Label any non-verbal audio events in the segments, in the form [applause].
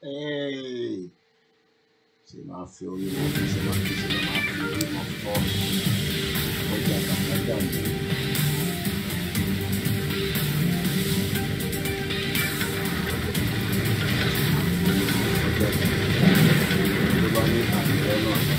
Ehi! Si maffio, io maffio, si maffio, si maffio, io maffio. Guardate, guardate. Guardate, guardate. Guardate, guardate.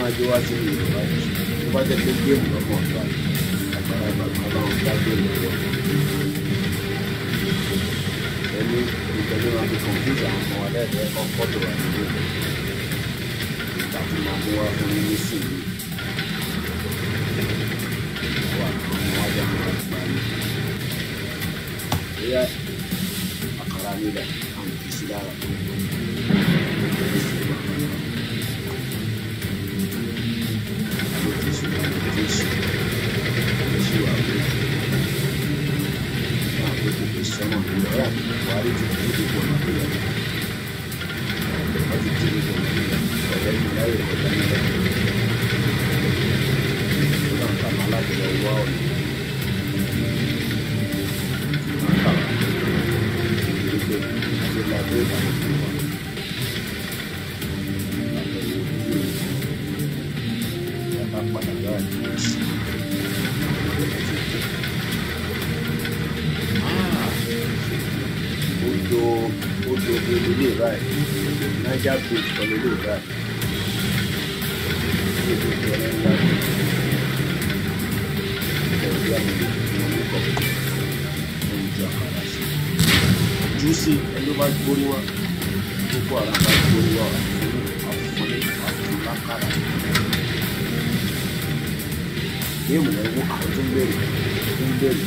mai de o azi, ceva de pe timpul. bloquear disponibilidad. Juicy, ele vai por uma. O Guará vai por uma. A folha, a folha, cara. Mesmo, né? Um beijo. Um beijo.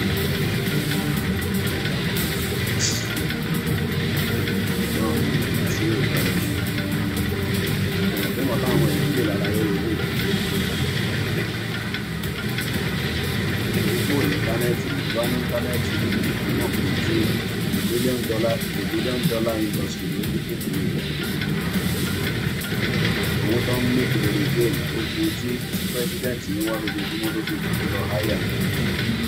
dollar to billion dollar industry ló ní kékeré rẹ̀ owó tó ń mú kiri rẹ̀ dé ojú tí pẹ́sidẹ̀ntì ní wọ́n lójoojúmọ́ ló fi kúrò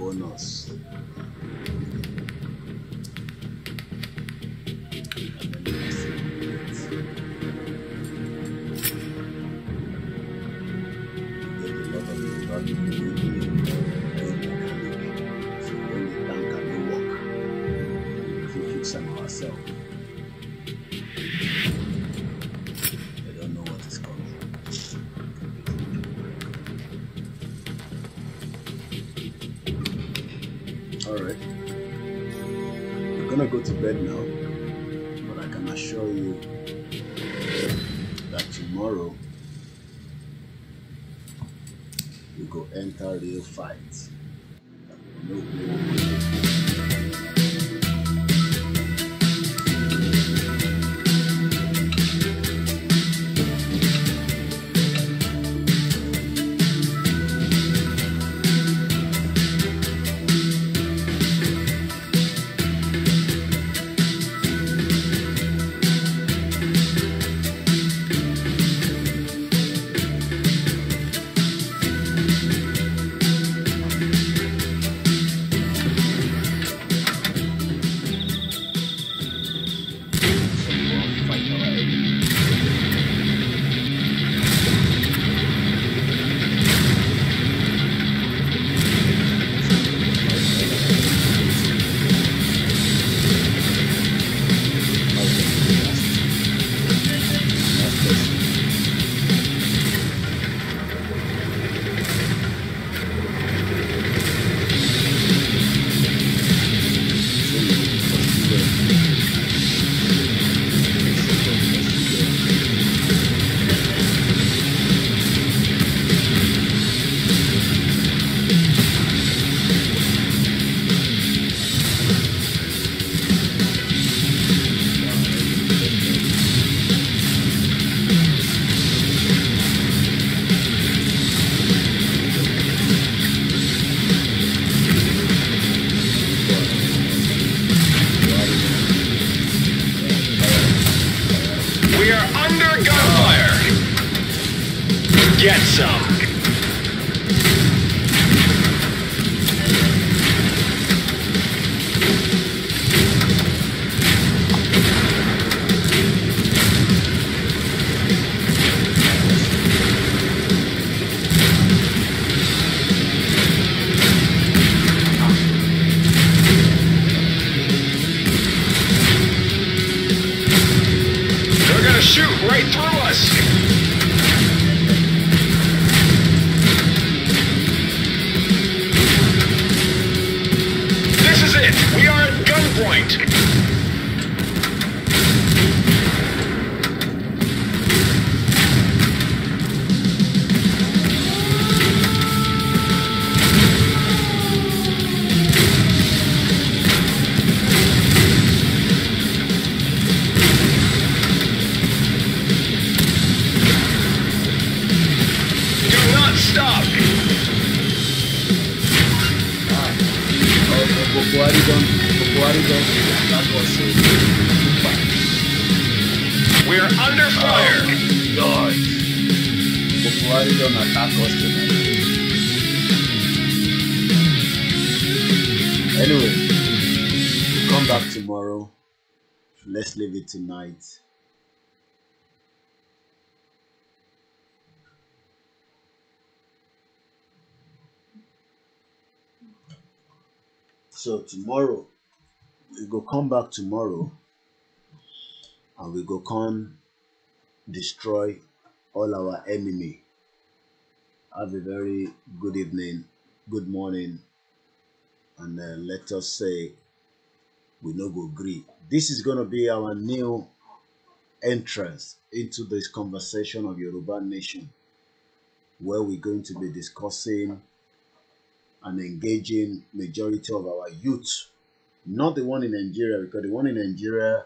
por nós. 30th fight. So tomorrow, we go come back tomorrow and we go come destroy all our enemy. Have a very good evening, good morning, and uh, let us say we no go agree. This is going to be our new entrance into this conversation of Yoruba Nation, where we're going to be discussing and engaging majority of our youth. Not the one in Nigeria, because the one in Nigeria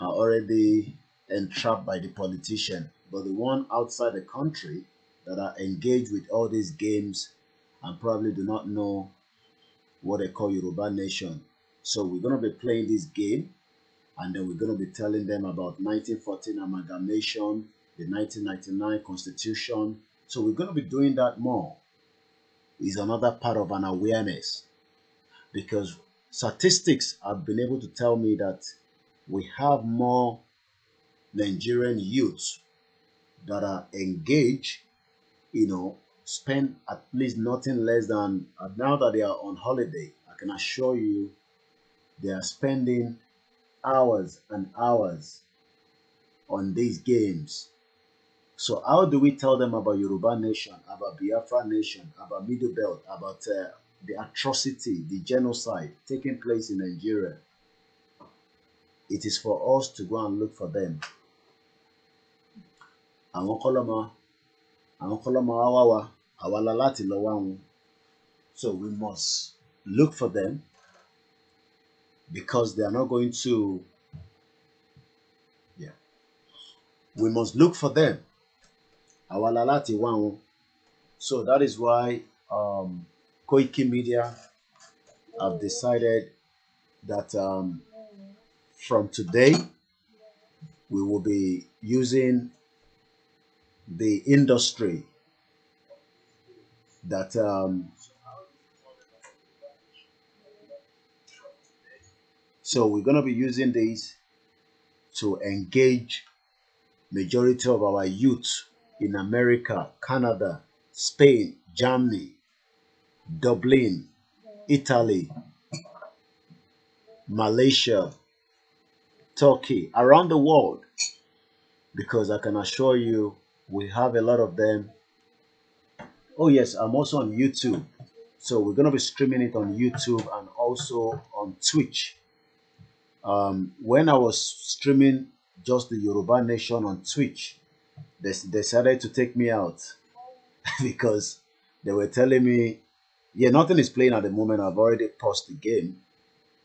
are already entrapped by the politician, but the one outside the country that are engaged with all these games and probably do not know what they call Yoruba Nation. So we're going to be playing this game and then we're going to be telling them about 1914 amalgamation, the 1999 constitution. So we're going to be doing that more is another part of an awareness because statistics have been able to tell me that we have more Nigerian youths that are engaged, you know, spend at least nothing less than now that they are on holiday. I can assure you they are spending hours and hours on these games so how do we tell them about Yoruba nation, about Biafra nation, about Middle Belt, about uh, the atrocity, the genocide taking place in Nigeria? It is for us to go and look for them. Àwọn kọ́lọ́mọ àwọn kọ́lọ́mọ wá wá wa àwa la láti lọ So we must look for them because they are not going to. Yeah. We must look for them àwa la so that is why um, Koiki Media have decided that um, from today we will be using the industry that um, So we're going to be using this to engage majority of our youth in America, Canada, Spain, Germany, Dublin, Italy, Malaysia, Turkey, around the world. Because I can assure you, we have a lot of them. Oh, yes, I'm also on YouTube. So we're going to be streaming it on YouTube and also on Twitch. Um, when I was streaming just the Yoruba Nation on Twitch, they decided to take me out [laughs] because they were telling me, yeah, nothing is playing at the moment. I've already paused the game.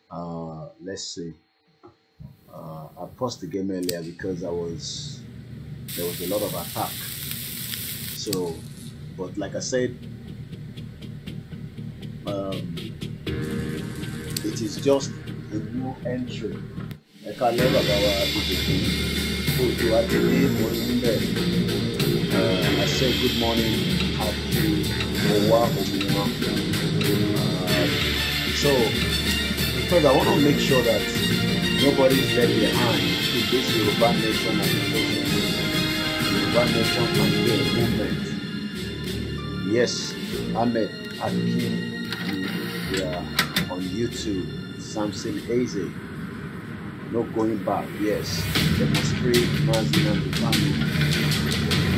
Uh, let's see. Uh, I paused the game earlier because I was there was a lot of attack. So, but like I said, um, it is just a new entry. I can't never go out I believe in Uh, I said good morning, to Owahomiwa. Uh, so, because I want to make sure that nobody is left behind in this Yoruba Nation organization, Yoruba Nation campaign movement. Yes, Ahmed Akin, we are on YouTube, Samson easy. No going back. Yes. Demonstrate mercy and the family.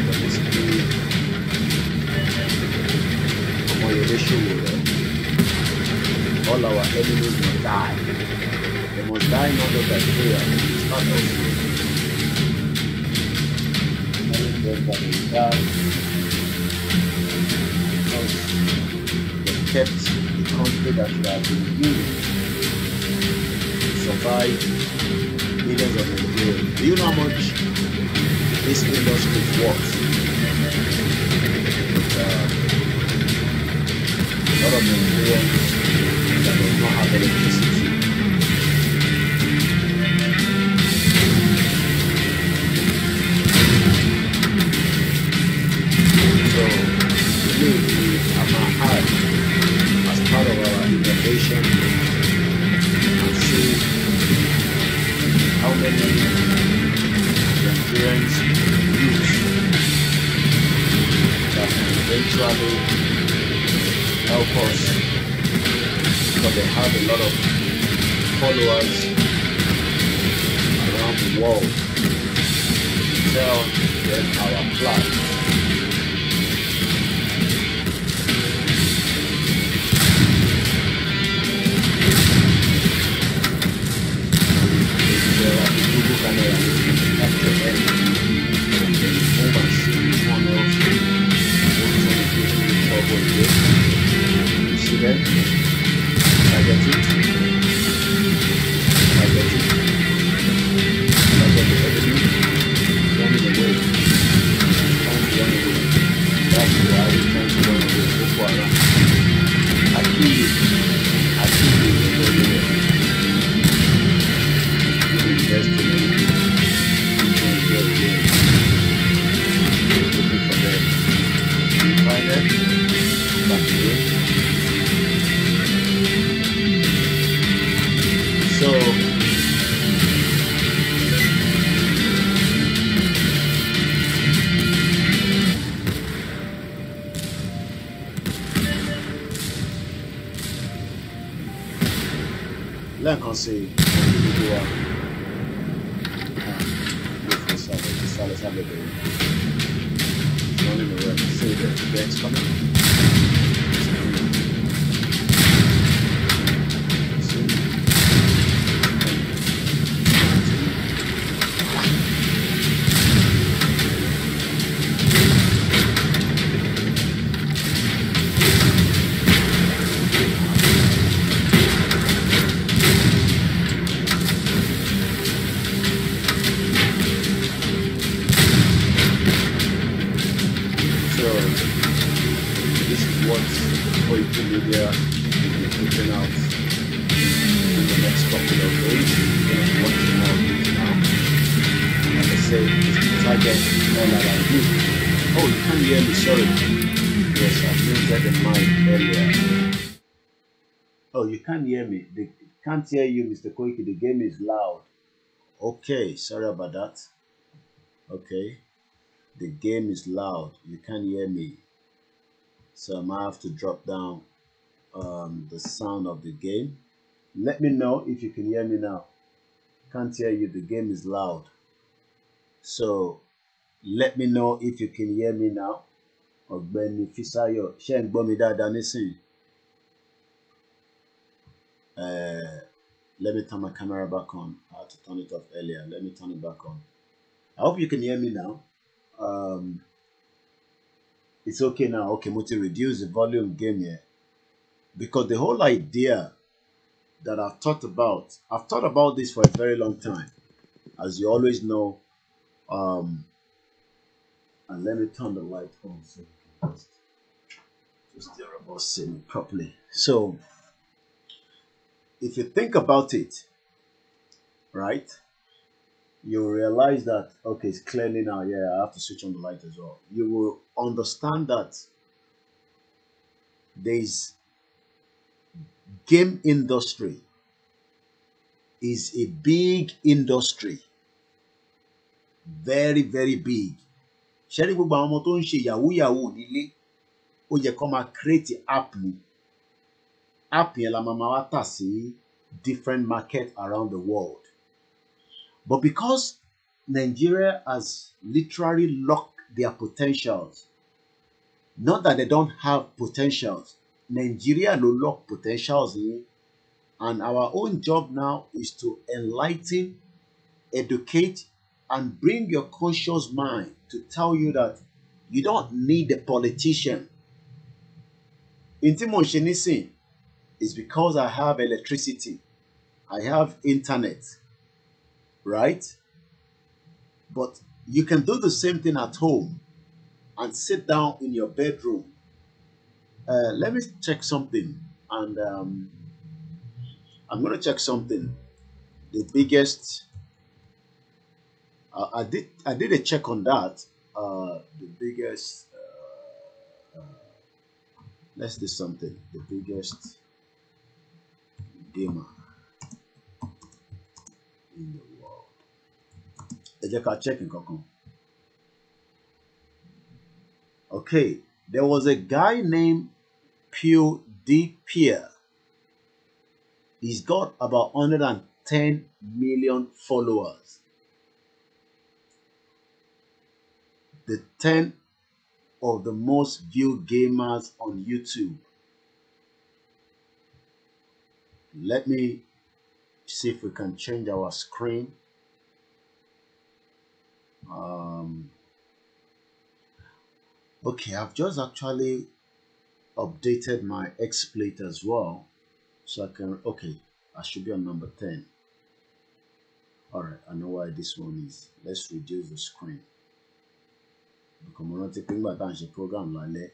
Demonstrate. Come on, you All our enemies will die. They must die in order that prayer is not also. Telling them that they die. Because they kept the country that we have been given. Do you know how much this industry esse negócio do Fox. Ora, meu Deus, tá uma rabela que eu senti. endurance, huge. They travel, help us, but they have a lot of followers around the world. Tell them our plight. one You see that? the next couple of days. And now. I all that I do. Oh, you can't hear me, sorry. Yes, I muted the mic earlier. Oh, you can't hear me. They can't hear you, Mr. Koiki. The game is loud. Okay, sorry about that. Okay. The game is loud. You can't hear me. So I might have to drop down um, the sound of the game. Let me know if you can hear me now. Can't hear you, the game is loud. So let me know if you can hear me now. Ọ̀gbẹ́ni Fisayo, ṣé ń eh, let me turn my camera back on. I had to turn it off earlier. Let me turn it back on. I hope you can hear me now. Um, it's okay now. Okay, muti reduce the volume game here because the whole idea that I've thought about, I've thought about this for a very long time. As you always know, um, and let me turn the light on so you can just hear about seeing properly. So, if you think about it, right, you realize that, okay, it's clearly now, yeah, I have to switch on the light as well. You will understand that there's game industry is a big industry very very big ṣẹ́rí gbogbo àwọn ọmọ tó ń ṣe yahoo yahoo nílé ó yẹ kó máa create app ni app yẹn la máa wá tà sí different market around the world but because Nigeria has literally locked their potentials not that they don't have potentials Nigeria no lock potentials and our own job now is to enlighten, educate and bring your conscious mind to tell you that you don't need the politician. Intimoshenisin is because I have electricity. I have internet, right? But you can do the same thing at home and sit down in your bedroom uh, let me check something and um, I'm going to check something. The biggest, uh, I did I did a check on that. Uh, the biggest, uh, let's do something. The biggest gamer in the world. Ẹ Okay, there was a guy named Pio de Pierre. He's got about 110 million followers. The 10 of the most viewed gamers on YouTube. Let me see if we can change our screen. Um, okay, I've just actually updated my XSplit as well. So I can, okay, I should be on number 10. All right, I know why this one is. Let's reduce the screen. Because we're not taking my banshee program lálẹ́.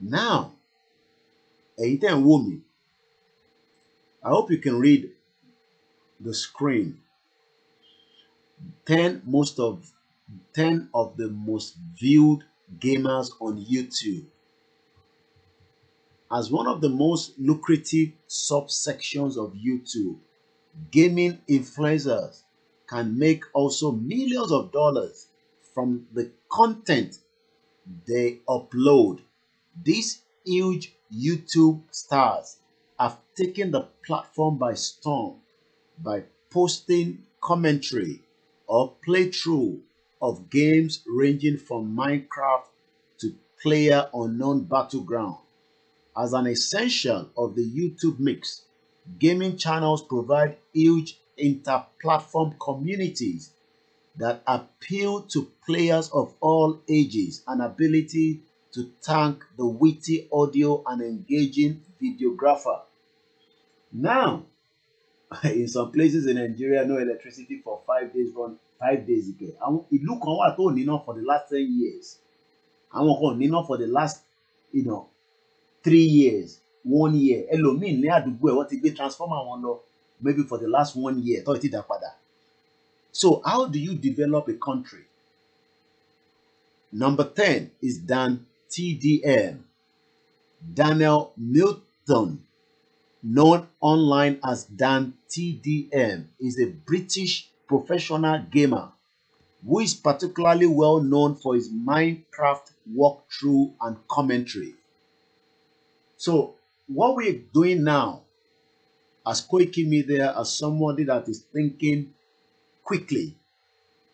Now, ẹ̀yin tẹ́ ń I hope you can read the screen. 10 most of 10 of the most viewed gamers on YouTube as one of the most lucrative subsections of YouTube, gaming influencers can make also millions of dollars from the content they upload. These huge YouTube stars have taken the platform by storm by posting commentary or playthrough of games ranging from Minecraft to player unknown battleground as an essential of the YouTube mix. Gaming channels provide huge inter-platform communities that appeal to players of all ages and ability to thank the witty audio and engaging videographer. Now, [laughs] in some places in Nigeria, no electricity for five days run five days ago. Àwọn ìlú kan wà tó Nino for the last ten years. i Àwọn kan Nino for the last you know, three years one year ẹlòmíì ní àdúgbò ẹ̀ wọ́n ti gbé transformer wọn lọ maybe for the last one year tó ti dá padà so how do you develop a country number ten is Dan TDM Daniel Milton known online as Dan TDM is a British professional gamer who is particularly well known for his Minecraft walkthrough and commentary. So what we're doing now as Koiki Media, as somebody that is thinking quickly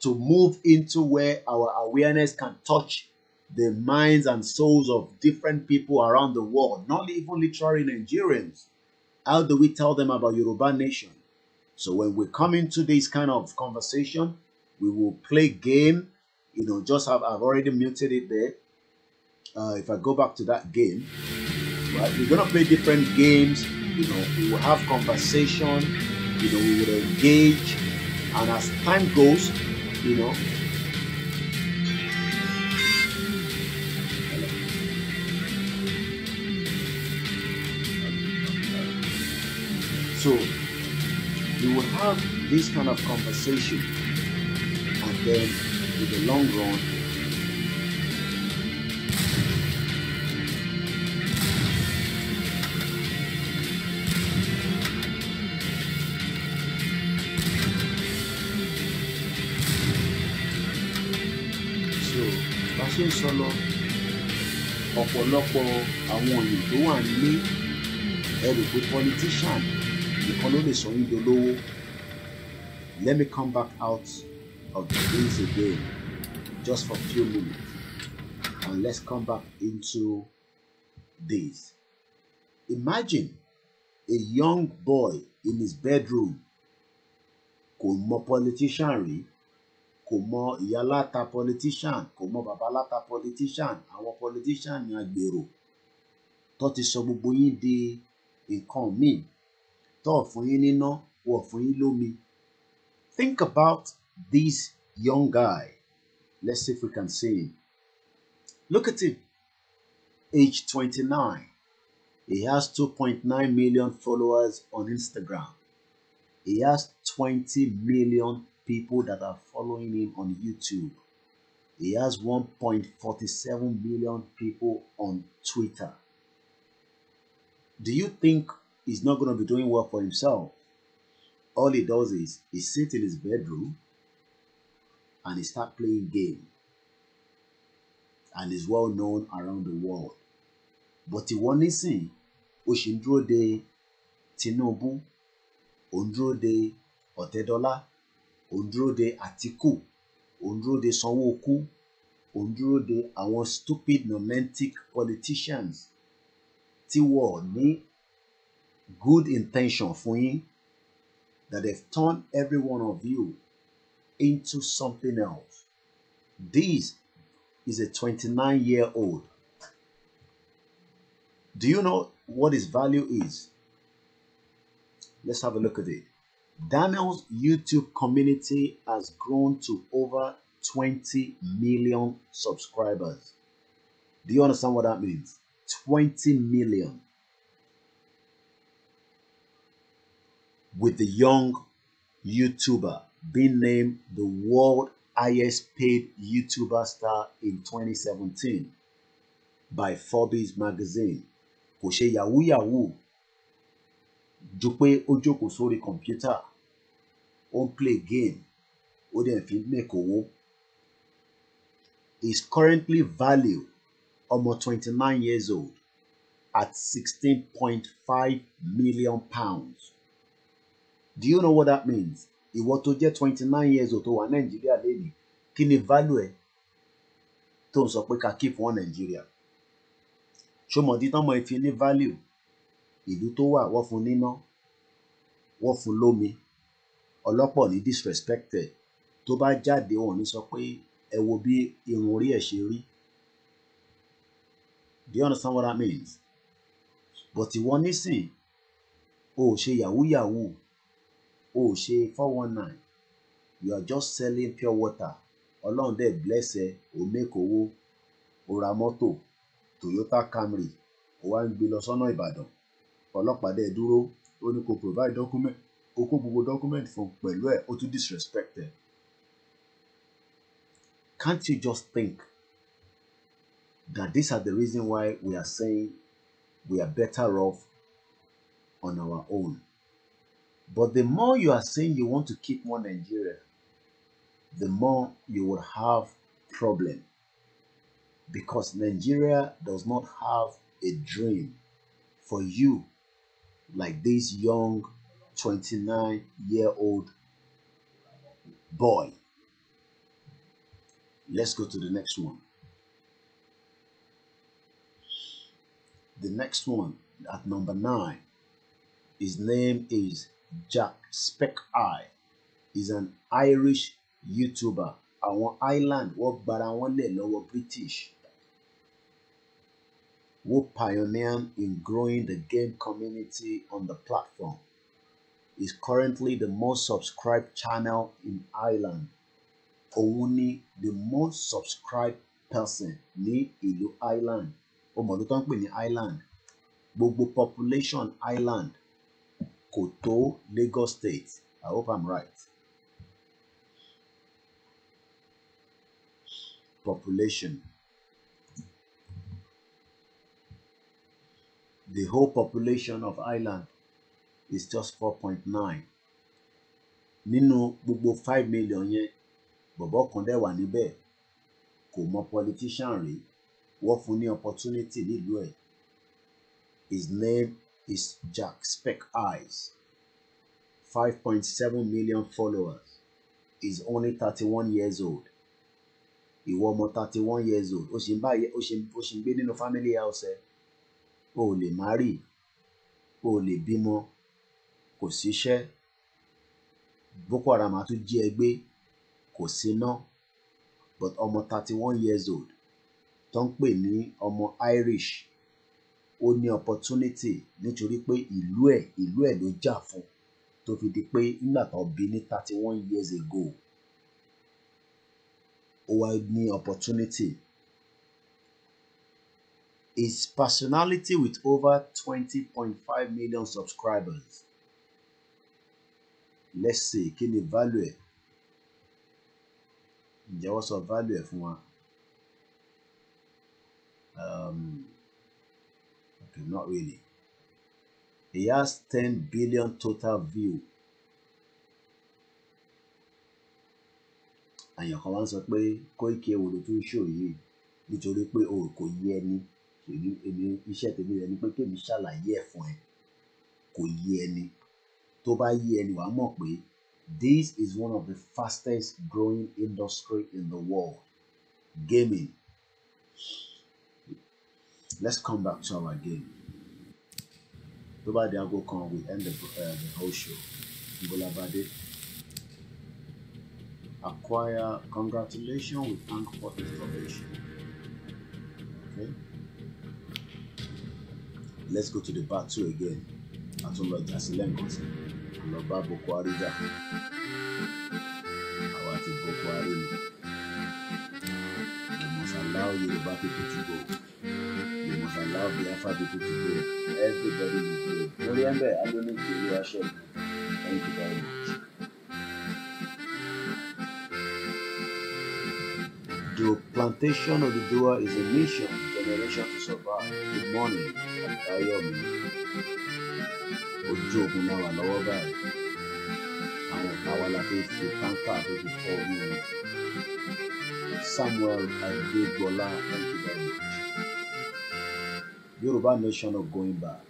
to move into where our awareness can touch the minds and souls of different people around the world, not even literally Nigerians. How do we tell them about Yoruba nation? So when we come into this kind of conversation, we will play game. You know, just have I've already muted it there. Uh, if I go back to that game right? We're gonna play different games, you know, we will have conversation, you know, we will engage, and as time goes, you know. So you will have this kind of conversation and then in the long run ṣe ń sọ lọ ọ̀pọ̀lọpọ̀ àwọn òyìn tó wà nílé ẹ rò pé politician nìkan ló lè sọ yín dolówó let me come back out of the days again just for a few minutes and let's come back into this imagine a young boy in his bedroom kò mọ politician rí. Really kò mọ ìyálàta politician kò mọ babaláta politician àwọn politician ni agbèrò tó ti sọ gbogbo yín di nǹkan míì tó fún yín níná wọ̀ fún yín lómi. Think about this young guy. Let's see if we can see him. Look at him. Age 29. He has 2.9 million followers on Instagram. He has 20 million people that are following him on YouTube. He has 1.47 million people on Twitter. Do you think he's not going to be doing well for himself? All he does is he sits in his bedroom and he starts playing game. And is well known around the world. But he won't see Oshindro de Tinubu, de Otedola, ò ń dúró de Àtíkù, ò ń dúró de àwọn stupid nomentic politicians tí wọn ò ní good intention fún yín that they've turned every one of you into something else. This is a twenty nine year old Do you know what his value is? Let's have a look at it. Daniel's YouTube community has grown to over 20 million subscribers. Do you understand what that means? 20 million. With the young YouTuber being named the world highest paid YouTuber star in 2017 by Forbes magazine. Kò ṣe yahoo yahoo ju pé ó jókòó sórí kọ̀ǹpútà ó ń play game ó dẹ̀ fi ń is currently valued ọmọ twenty nine years old at sixteen point five million pounds do you know what that means ìwọ tó jẹ́ twenty nine years old tó wà nàìjíríà lẹ́yìn kí ni value ẹ̀ tó ń sọ pé ká keep one nàìjíríà ṣó mọ̀ dí tán mọ̀ ẹ fi ní value ìlú tó wà wọ́n fún níná wọ́n fún lómi ọlọ́pọ̀ ní disrespected tó bá jáde wọn ò ní sọ pé ẹ wo bí irun orí ẹ̀ ṣe rí do you understand what that means but ìwọ nísìn o ò ṣe yahoo yahoo o ò ṣe four one nine you are just selling pure water ọlọ́run dẹ̀ bless ẹ o make owó o ra mọ́tò Toyota Camry o wá ń gbé lọ sọ́nà Ìbàdàn ọlọ́pàá dẹ̀ dúró ó ní kó provide document ó kó gbogbo document fún pẹ̀lú ẹ̀ ó tún disrespect ẹ̀ can't you just think that these are the reason why we are saying we are better off on our own. But the more you are saying you want to keep more Nigeria, the more you will have problem. Because Nigeria does not have a dream for you like this young 29 year old boy. Let's go to the next one. The next one at number nine, his name is Jack Speck Eye. He's an Irish YouTuber. Àwọn Ireland I want wọn lẹ̀ lọ́wọ́ British who pioneered in growing the game community on the platform, is currently the most subscribed channel in Ireland. Òun the most subscribed person ní ìlú Ireland. Ó mọ̀ ló tán pè ní Ireland. Gbogbo population Ireland Koto, Lagos State. I hope I'm right. Population. The whole population of Ireland is just four point nine. Nínú gbogbo five million yẹn, bọ̀bọ́ kan dẹ̀ wà níbẹ̀ kò mọ politician rí, wọ́n fún ní opportunity nílùú ẹ̀. His name is Jack Speck Eyes. Five point seven million followers. He's only thirty-one years old. Ìwọ ọmọ thirty-one years old, ó ṣì ń bá ó ṣì ń gbé nínú family house ẹ̀. Eh? o ò lè marry, o ò lè bímọ, kò síṣẹ́, Boko Haram á tún jí ẹ kò síná. But ọmọ thirty one years old tó ń pè ní ọmọ Irish ó ní opportunity nítorí pé ìlú ẹ̀ ìlú ẹ̀ ló jà fún tó fi di pé nígbà tán bí ní thirty one years ago ó wá ní opportunity his personality with over 20.5 million subscribers. Let's see kí ni value ẹ̀ ǹjẹ́ wọ́n sọ value ẹ̀ fún wa. Um, okay, not really. He has ten billion total view. Àyàn kan wá ń sọ pé Koiki Ewo ló tún ṣòyè nítorí pé o kò yé ẹni èmi èmi iṣẹ́ tèmi rẹ ni pé kémi ṣàlàyé ẹ̀ fún ẹ kò yé ẹni tó bá yé ẹni wàá mọ̀ pé this is one of the fastest growing industry in the world gaming let's come back to our game tó bá di aago kan we end the, uh, the whole show Bola Bade acquire congratulations we thank for this donation okay let's go to the back two again àtún lọ jà sí lẹ́ǹkan sí lọ bá Boko Haram jà àwa ti Boko Haram ni we must allow Yorùbá people to go we must allow Biafra people to go everybody will go I don't need to olúwa ṣẹ́gun thank you very much. The plantation of the Dua is a mission Generation to Survive Good Morning Adébáyọ̀mí ojú ogun náà wà lọ́wọ́ báyìí àwọn ọ̀tá wa la fi fi táǹkà tó fi fọ́ orí wọn Samuel Adégbọlá thank you very much Yorùbá nation of going back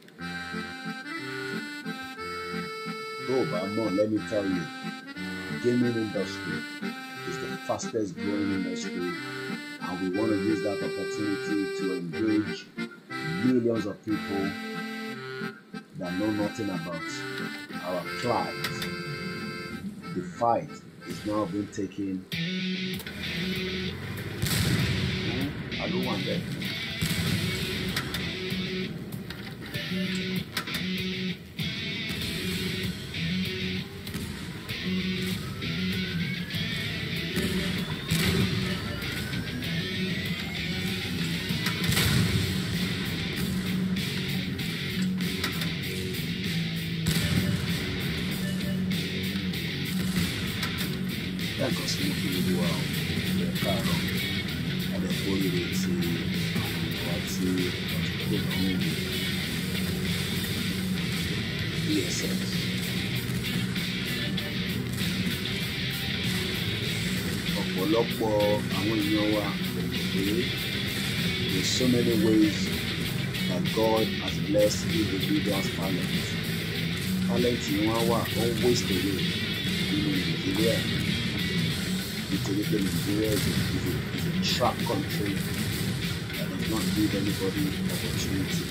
tó o bá mọ̀ let me tell you gaming industry is the fastest growing industry and we want to use that opportunity to engage millions of people that know nothing about our plight. The fight is now being taken. I don't do as talent talent ni wọ́n wà wọ́n waste away nínú nàìjíríà nítorí pé nàìjíríà is a is a is a trap country that does not give anybody opportunity.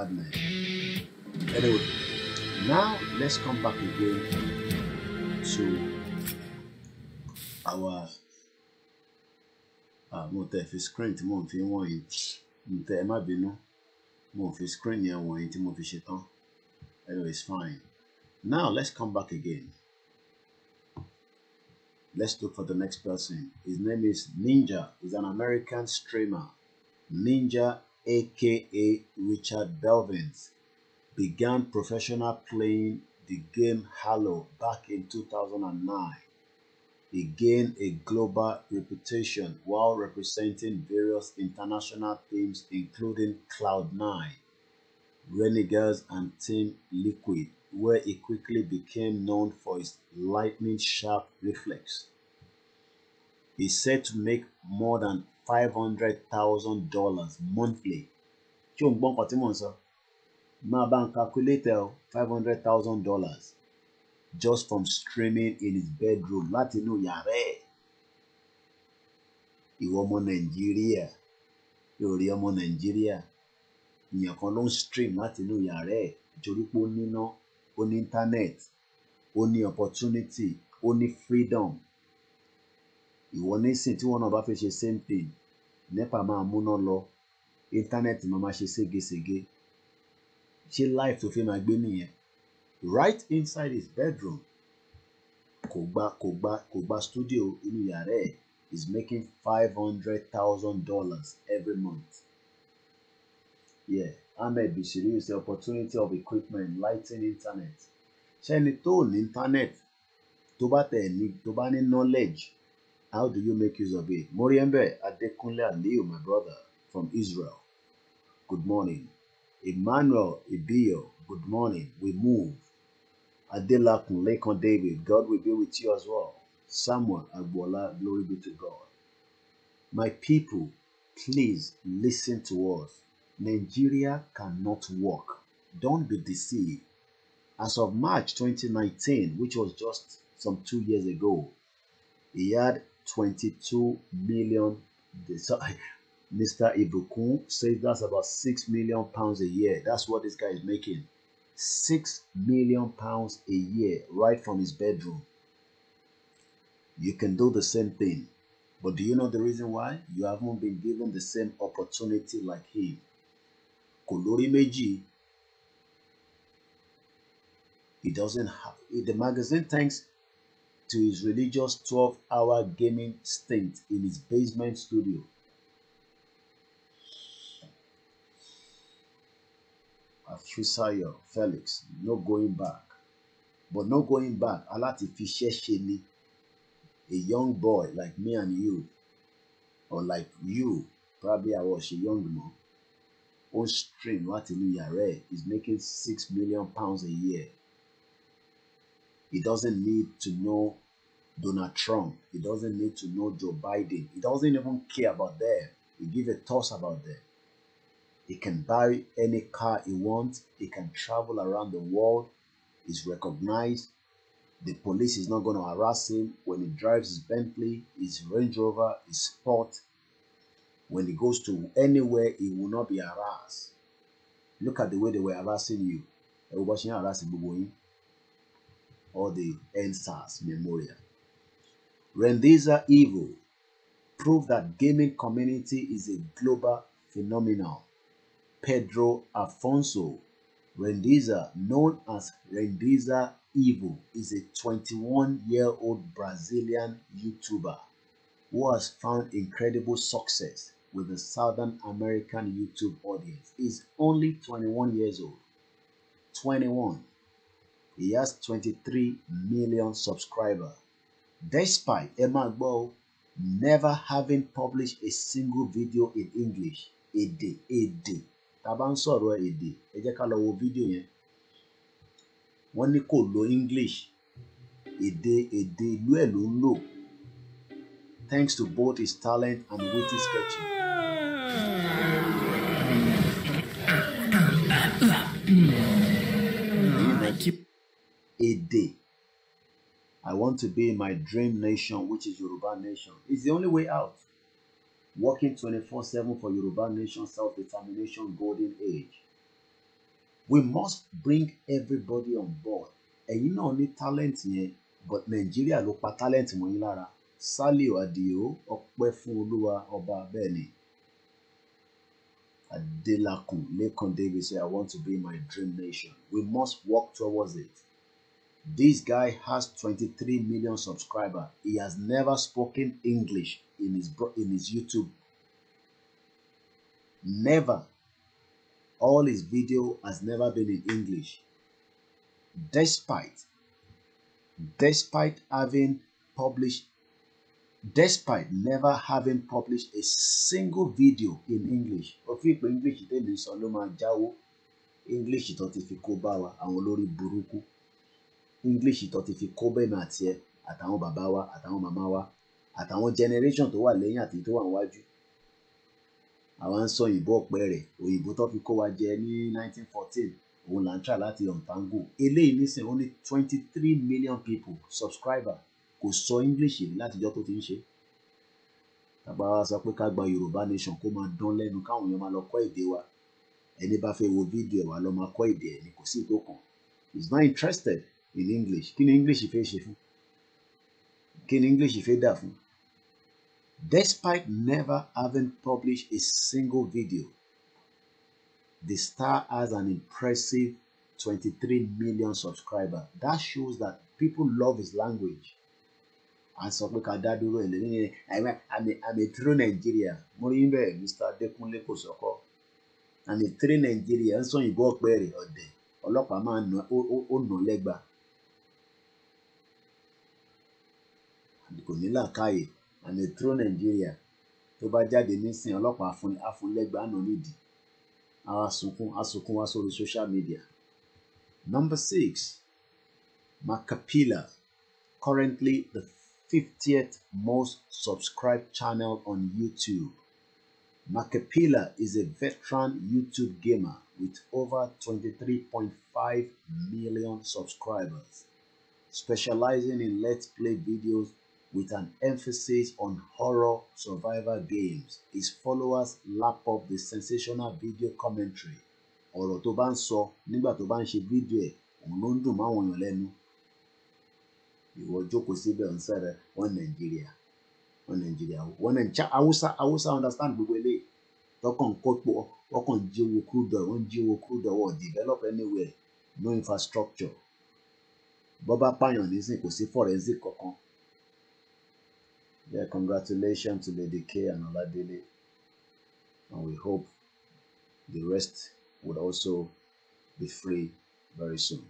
hard Anyway, now let's come back again to our ah mo tẹ screen to move tẹ ẹ má ma screen here, wọ̀n yìí move mo fi ṣe anyway it's fine now let's come back again let's look for the next person his name is Ninja he's an American streamer Ninja aka Richard Belvins, began professional playing the game Halo back in 2009. He gained a global reputation while representing various international teams including Cloud9, Renegades and Team Liquid, where he quickly became known for his lightning-sharp reflex. He said to make more than five hundred thousand dollars monthly ṣé o ń gbọ́ nǹkan tí mò ń sọ máa bá ń calculate five hundred thousand dollars just from streaming in his bedroom láti inú yàrá ẹ̀ ìwọ ọmọ nàìjíríà lórí ọmọ nàìjíríà èèyàn kan ló ń stream láti inú yàrá ẹ̀ nítorí pé ó níná ó ní internet ó ní opportunity ó ní freedom ìwọ nísìn tí wọ́n náà bá fẹ́ ṣe same thing NEPA máa múná lọ íńtánẹ́ẹ̀tì máa máa ṣe ségesège ṣé life tó fẹ́ máa gbé nìyẹn right inside his bedroom kò gba kò gba kò gba studio inú yàrá ẹ̀ is making five hundred thousand dollars every month yeah Ahmed Bishiri is the opportunity of equipment lighting internet ṣẹ́ni tó ní internet tó bá tẹ̀ ní tó bá ní knowledge How do you make use of it? Moriembe Adekunle Aliu, my brother from Israel. Good morning. Emmanuel Ibio, good morning. We move. Adelakun Lekon David, God will be with you as well. Samuel Agbola, glory be to God. My people, please listen to us. Nigeria cannot work. Don't be deceived. As of March 2019, which was just some two years ago, he had 22 million. Sorry, [laughs] Mr. Ibukun says that's about 6 million pounds a year. That's what this guy is making. 6 million pounds a year right from his bedroom. You can do the same thing. But do you know the reason why? You haven't been given the same opportunity like him. Kolori Meji, he doesn't have, the magazine thanks to his religious 12 hour gaming stint in his basement studio. Afusayo Felix, no going back. But no going back, Alatifiṣẹ́ ṣe a young boy like me and you, or like you, probably I was a young man, on stream What inú yàrá ẹ̀ is making six million pounds a year he doesn't need to know Donald Trump. He doesn't need to know Joe Biden. He doesn't even care about them. He give a toss about them. He can buy any car he wants. He can travel around the world. He's recognized. The police is not going to harass him when he drives his Bentley, his Range Rover, his Sport. When he goes to anywhere, he will not be harassed. Look at the way they were harassing you. harassing you or the NSAS memorial. Rendiza Evil proved that gaming community is a global phenomenon. Pedro Afonso Rendiza, known as Rendiza Evil, is a 21-year-old Brazilian YouTuber who has found incredible success with the Southern American YouTube audience. He's only 21 years old. 21 He has 23 million subscribers. Despite, ẹ máa never having published a single video in English, èdè èdè tá a bá ń sọ̀rọ̀ èdè ẹ jẹ́ ká lọ wo fídíò yẹn. Wọ́n ní kò lo English, èdè èdè ìlú ẹ̀ ló ń lò. Thanks to both his talent and witty sketching. a day. I want to be in my dream nation, which is Yoruba nation. It's the only way out. Working 24 7 for Yoruba nation self determination golden age. We must bring everybody on board. And you know, need talent here. but Nigeria look pa talent wọ̀nyí lára. Sálíù Àdìó Oba Beni, Olúwa ọba Adelakun Lekan David say I want to be in my dream nation. We must work towards it. This guy has 23 million subscribers. He has never spoken English in his in his YouTube. Never. All his video has never been in English. Despite despite having published despite never having published a single video in English. English English burúkú. English tó ti fi kó bẹ́mi àti ẹ àtàwọn bàbá wa àtàwọn màmá wa àtàwọn generation tó wà lẹ́yìn àti tó wà níwájú. Àwa ń sọ òyìnbó ọ̀pẹ̀rẹ̀, òyìnbó tó fi kó wa jẹ ní 1914, òun là ń try láti untangle. Eléyìí nísìnyí ó 23 million people subscriber kò sọ English rí látijọ́ tó ti ń ṣe é tàbá wa sọ pé ká gba Yorùbá nation kó máa dán lẹ́nu káwọn èèyàn máa lọ kọ́ èdè wa ẹni bá fẹ́ wo fídíò ẹ̀ wá lọ máa kọ́ èdè ẹ̀ ni kò sí tó kàn he's not interested In English kí ni English fẹ́ ṣe fún kí ni English fẹ́ dà fún. Despite never having published a single video, the star has an impressive 23 million subscribers. That shows that people love his language. And sọ pé ká dá dúró ẹ̀ lẹ́yìn ẹ̀ àmì àmì true Nigeria mo rí bẹ́ẹ̀ Mr. Adékúnlé kò sọ́kọ́ àmì true Nigeria ń sọ òyìnbó ọ̀pẹ́ rẹ̀ ọ̀dẹ̀ ọlọ́pàá máa ń nà ó nà lẹ́gbàá. kò ní làákàyè and a true tó bá jáde nísìnyí ọlọ́pàá afúnlẹ́gbàá náà nídìí àwa sunkún asunkún wá sórí social media. Number six, Macapila, currently the fiftieth most subscribed channel on YouTube. Macapila is a veteran YouTube gamer with over twenty-three point five million subscribers, specializing in Let's Play videos with an emphasis on horror survival games. His followers lap up the sensational video commentary. Ọ̀rọ̀ tó bá ń sọ nígbà tó bá ń ṣe fídíò ẹ̀ òun ló ń dùn máwọn èèyàn lẹ́nu. Ìwọ jókòó síbẹ̀ ń sẹ́rẹ̀ wọ́n Nàìjíríà wọ́n Nàìjíríà wọ́n Nàìjíríà Hausa Hausa understand gbogbo eléyìí tọkàn kọ́pọ̀ ọkàn jíwò crude oil wọ́n jíwò crude oil wọ́n develop anywhere no infrastructure. Bọ́ bá pààyàn nísìn kò sí forensic kankan Yeah, congratulations to Lady K and Oladele. And we hope the rest would also be free very soon.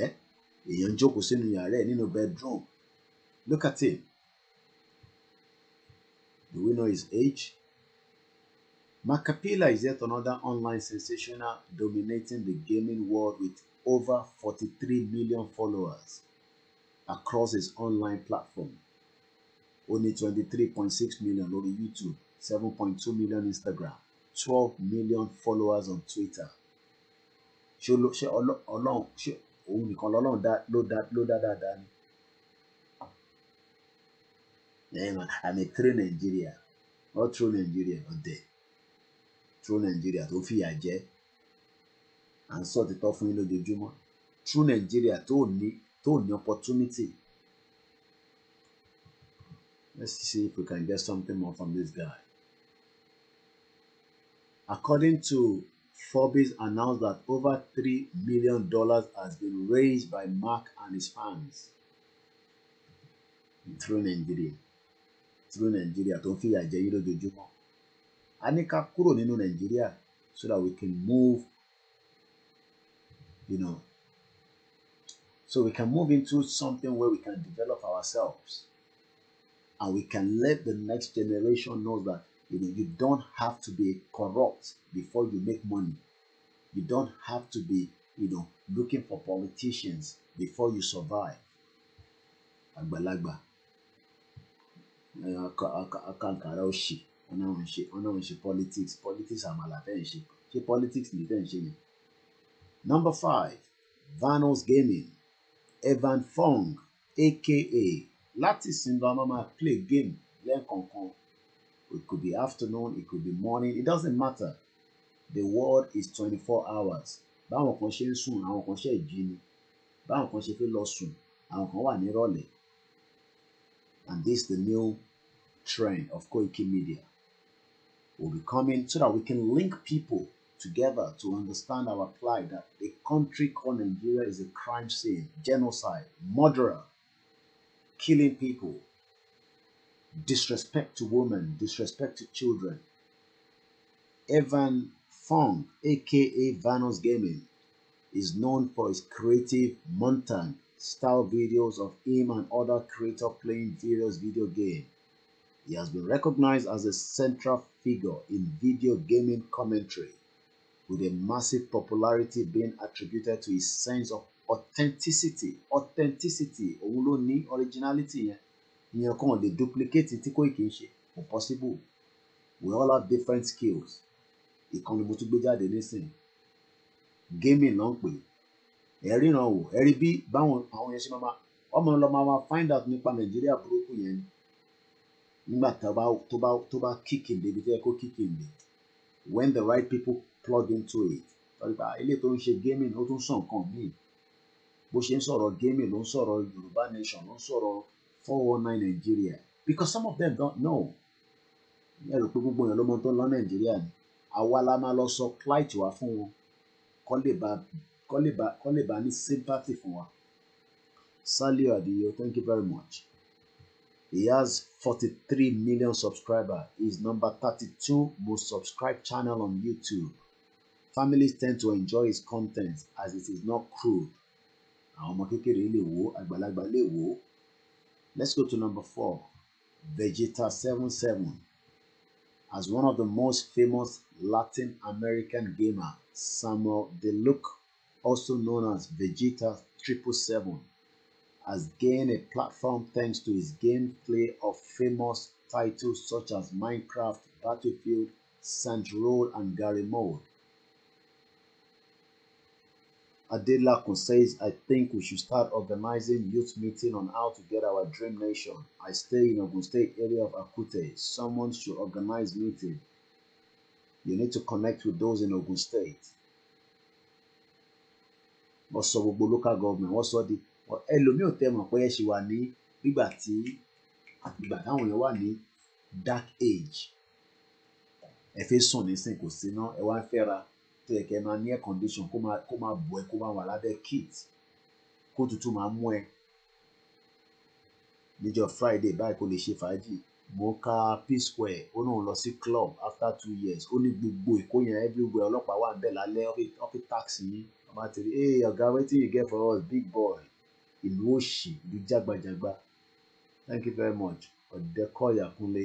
Eh? Èèyàn jókòó sínú yàrá in your bedroom. Look at him. Do we know his age? Macapila is yet another online sensational dominating the gaming world with over 43 million followers across his online platform. ó ní twenty three point six million lórí youtube seven point two million instagram twelve million followers on twitter ṣé ọlọ́run ṣé òun nìkan lọ́lọ́run ló dá dáadáa ni a true Nigeria not true Nigeria but ọ̀dẹ̀ true Nigeria tó fìyà jẹ à ń sọ òtítọ́ fún yín lójoojúmọ́ true Nigeria tó ní tó ní opportunity Let's see if we can get something more from this guy. According to Forbes announced that over three million dollars has been raised by Mark and his fans through Nigeria. Through Nigeria don't ń fìyà jẹ yín lójoojúmọ́. A ní Nigeria so that we can move you know so we can move into something where we can develop ourselves. and we can let the next generation know that you know you don't have to be corrupt before you make money you don't have to be you know looking for politicians before you survive àgbàlagbà akankaraoshi, òṣì ọ̀nà òun ṣe ọ̀nà politics politics àmàlà fẹ́ ṣe politics ní fẹ́ number five vanos gaming evan fong aka láti sìn play a game. máa play game it could be afternoon it could be morning it doesn't matter the world is twenty-four hours báwọn kan ṣe ń sùn àwọn kan ṣe jí ni báwọn kan ṣe fẹ́ lọ sùn àwọn kan wà nírọ̀lẹ́ and this the new trend of Koiki Media will be coming so that we can link people together to understand our plight that the country called Nigeria is a crime scene, genocide, murderer, killing people, disrespect to women, disrespect to children. Evan Fong, aka Vanos Gaming, is known for his creative montan style videos of him and other creators playing various video games. He has been recognized as a central figure in video gaming commentary, with a massive popularity being attributed to his sense of authenticity authenticity òun ló ní originality yẹn ìyẹn kan lè duplicate tí Koiki ń ṣe kò possible we all have different skills ìkànnì mo tún gbé jáde nísìnyí gaming náà ń pè é ríran wò ẹ rí bí báwọn àwọn yẹn ṣe máa ọmọ lọ máa máa find out nípa Nàìjíríà burúkú yẹn ni nígbà tó bá tó bá tó bá kíkì débi tó kó kíkì dé when the right people plug into it tọ́lú pa ilé tó ń ṣe gaming ó tún sàn kan míì bó ṣe ń sọ̀rọ̀ gaming ló ń sọ̀rọ̀ yorùbá nation ló ń sọ̀rọ̀ four one nine nigeria because some of them don't know ẹ rò pé gbogbo èèyàn ló mọ tó ń lọ nàìjíríà ni àwa la máa lọ sọ plight wa fún wọn kọ́ lè bá kọ́ lè bá kọ́ lè bá ní sympathy fún wa Saliu Adiyo thank you very much he has forty-three million subscribers he is number thirty-two most subscribed channel on YouTube families tend to enjoy his content as it is not crude lè lè ó let's go to number four vegeta seven seven as one of the most famous latin american gamer samuel deluke also known as vegeta triple seven has gained a platform thanks to his gameplay of famous titles such as minecraft battlefield saints row and gary mode Adelakun says, I think we should start organizing youth meeting on how to get our dream nation. I stay in Ogun State area of Akute. Someone should organize meeting. You need to connect with those in Ogun State. Wọ́n sọ gbogbo local government, wọ́n sọ di ẹlòmíì ò tẹ́ mọ̀ pé ẹ ṣì wà ní nígbà tí ìgbà táwọn yẹn wà ní dark age. Ẹ fi sùn nísìn kò sí náà, ẹ wá ń fẹ́ra tó yẹ kẹ́ máa ní air condition kó máa kó máa bọ̀ ẹ́ kó máa wà lábẹ́ kit kó tutù máa mú ẹ níjọ́ Friday báyìí kó lè ṣe fàájì mo ka P-Square ó náà lọ sí club after two years ó ní gbogbo Èkó yẹn everywhere ọlọ́pàá wà ń bẹ̀ lálẹ́ ọ́fíì táàkì yín ọmọ àti rí hey ọ̀gá wetin you get for us big boy ìlú òṣì ìlú jágbajàgba thank you very much ọ̀dẹ́kọ̀yà kúnlé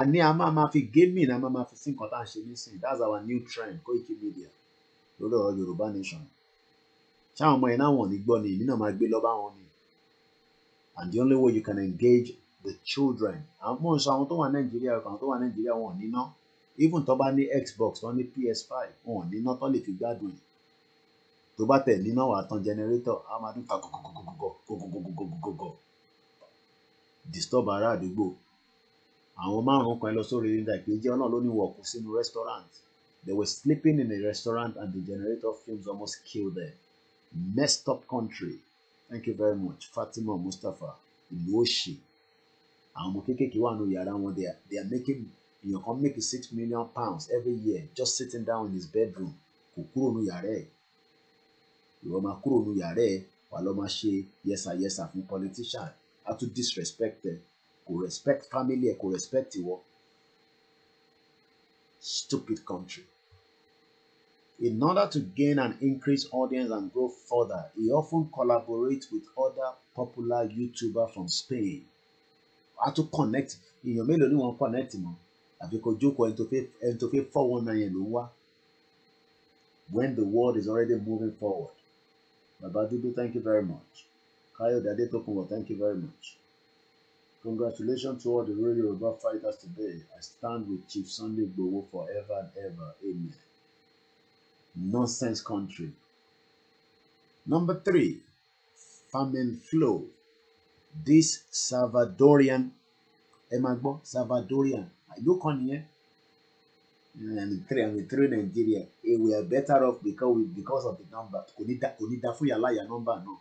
àní a máa máa fi gaming a máa máa fi sí nǹkan tá à ń ṣe nísìnyí that's our new trend Koiki Media lórí ọ̀rọ̀ Yorùbá nation ṣáwọn ọmọ yẹn náà wọ̀n ní gbọ́ ni èmi máa gbé lọ wọn ni and the only way you can engage the children àwọn mò ń sọ àwọn tó wà Nàìjíríà àwọn tó wà Nàìjíríà wọn ò níná even tó bá ní Xbox tó ní PS5 wọn ò níná tó lè fi gbádùn ẹ̀ tó bá tẹ̀ níná wà tán jẹnẹrétọ̀ á máa dún ta gọgọgọgọgọgọgọgọgọgọ disturb ará àdúgbò àwọn márùn-ún kan lọ sórí ilẹ̀ kejì ọ̀nà ló ní wọ̀kú sínú restaurant they were sleeping in a restaurant and the generator fumes almost killed them messed up country thank you very much Fatima Mustapha ìlú òṣì àwọn ọmọ kéékèèké wà nù yàrá wọn they are, they are making èèyàn kan make six million pounds every year just sitting down in his bedroom kò kúrò nù yàrá ẹ̀ ìwọ máa kúrò nù yàrá ẹ̀ wà lọ máa ṣe yẹsàyẹsà fún politician How to disrespect them? respect family I could respect you. stupid country. In order to gain an increased audience and grow further, he often collaborates with other popular YouTubers from Spain. How to connect? In your ni wọ́n connect mọ́? Àfi kò jókòó ẹni tó fẹ́ four one When the world is already moving forward. Baba Dudu, thank you very much. Kayode Adetokunbo, thank you very much. Congratulations to all the real Yoruba fighters today. I stand with Chief Sunday Igboho forever and ever. Amen. Nonsense country. Number three, famine flow. This Salvadorian, ẹ máa gbọ́ Salvadorian, ìlú kan nìyẹn. And three Nigeria, eh, we are better off because, we, because of the number. Kò ní for your yàrá yà nọ́mbà náà.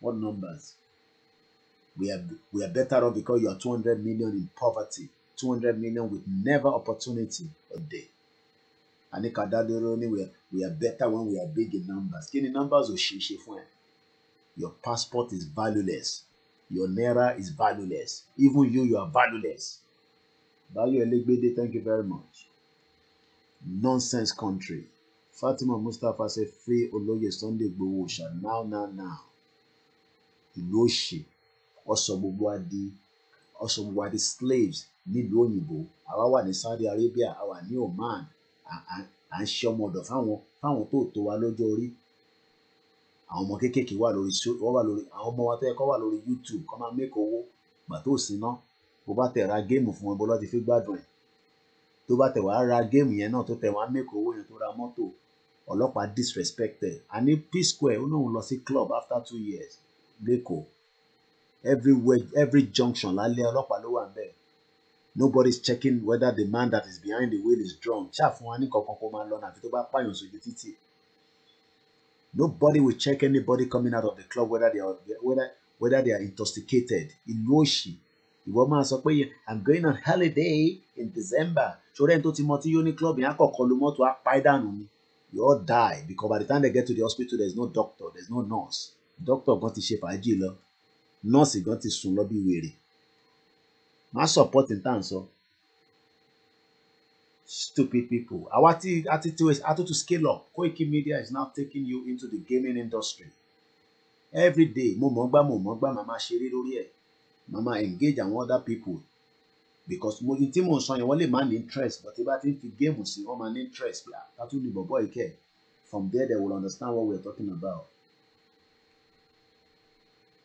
What numbers? We are, we are better off because you are 200 million in poverty, 200 million with never opportunity a day. Ani kadadoro ni we are, we are better when we are big in numbers. Kí ni numbers or she she fún Your passport is valueless. Your naira is valueless. Even you, you are valueless. Bayo thank you very much. Nonsense country. Fatima Mustapha say Free Oloye Sunday Igboho Now, now, now. Ìlú òṣì ọsọ gbogbo wa di ọsọ gbogbo wa di slaves nílùú òyìnbó àwa wà ní Saudi Arabia àwa ní Oman à ń ṣe ọmọ ọ̀dọ̀ fáwọn fáwọn tó tó wa lọ́jọ́ orí àwọn ọmọ kéékèèké wà lórí wọ́n wà lórí àwọn ọmọ wa tó yẹ kó wà lórí YouTube kó máa mẹ́kọ̀ owó gbà tó sí ná bó bá tẹ̀ ra géèmù fún wọn bó lọ́ọ́ ti fi gbádùn ẹ̀ tó bá tẹ̀ wá ra géèmù yẹn náà tó tẹ̀ wá mẹ́kọ̀ owó yẹn tó ra mọ́tò ọlọ́pàá disrespected a ní P Square ó náà lọ sí club after two years lẹ́kọ̀ọ́ everywhere every junction lálẹ́ ọlọ́pàá ló wà níbẹ̀ nobody is checking whether the man that is behind the wheel is drunk ṣàfihàn wa ní kankan kó máa lọ náà àfi tó bá pààyàn sójú títì nobody will check anybody coming out of the club whether they are whether whether they are intoxicated ìlú òṣì ìwọ máa sọ pé i'm going on holiday in december ṣọlá ẹni tó ti mọ tí yóò ní club yẹn àkọ́kọ́ lu mọ́tò apá ni you all die because by the time they get to the hospital there is no doctor there is no nurse doctor gan ti ṣe fàájì lọ nọ́ọ̀sì gan ti sùn lọ bí wèrè má sọ̀pọ́tì tá à ń sọ stupid people àwa tí attitude attitude scale up Koiki Media is now taking you into the gaming industry every day mo mọ̀ gbá mo mọ̀ gbá màmá ṣeré lórí ẹ̀ màmá engage àwọn other people because mo tí mo ń sọ yẹn wọ́n lè má ní interest but tí bá ti ń fi géèmù sí wọ́n máa ní interest pé àtúndì bọ̀bọ̀ ìkẹ́ from there they will understand what we are talking about.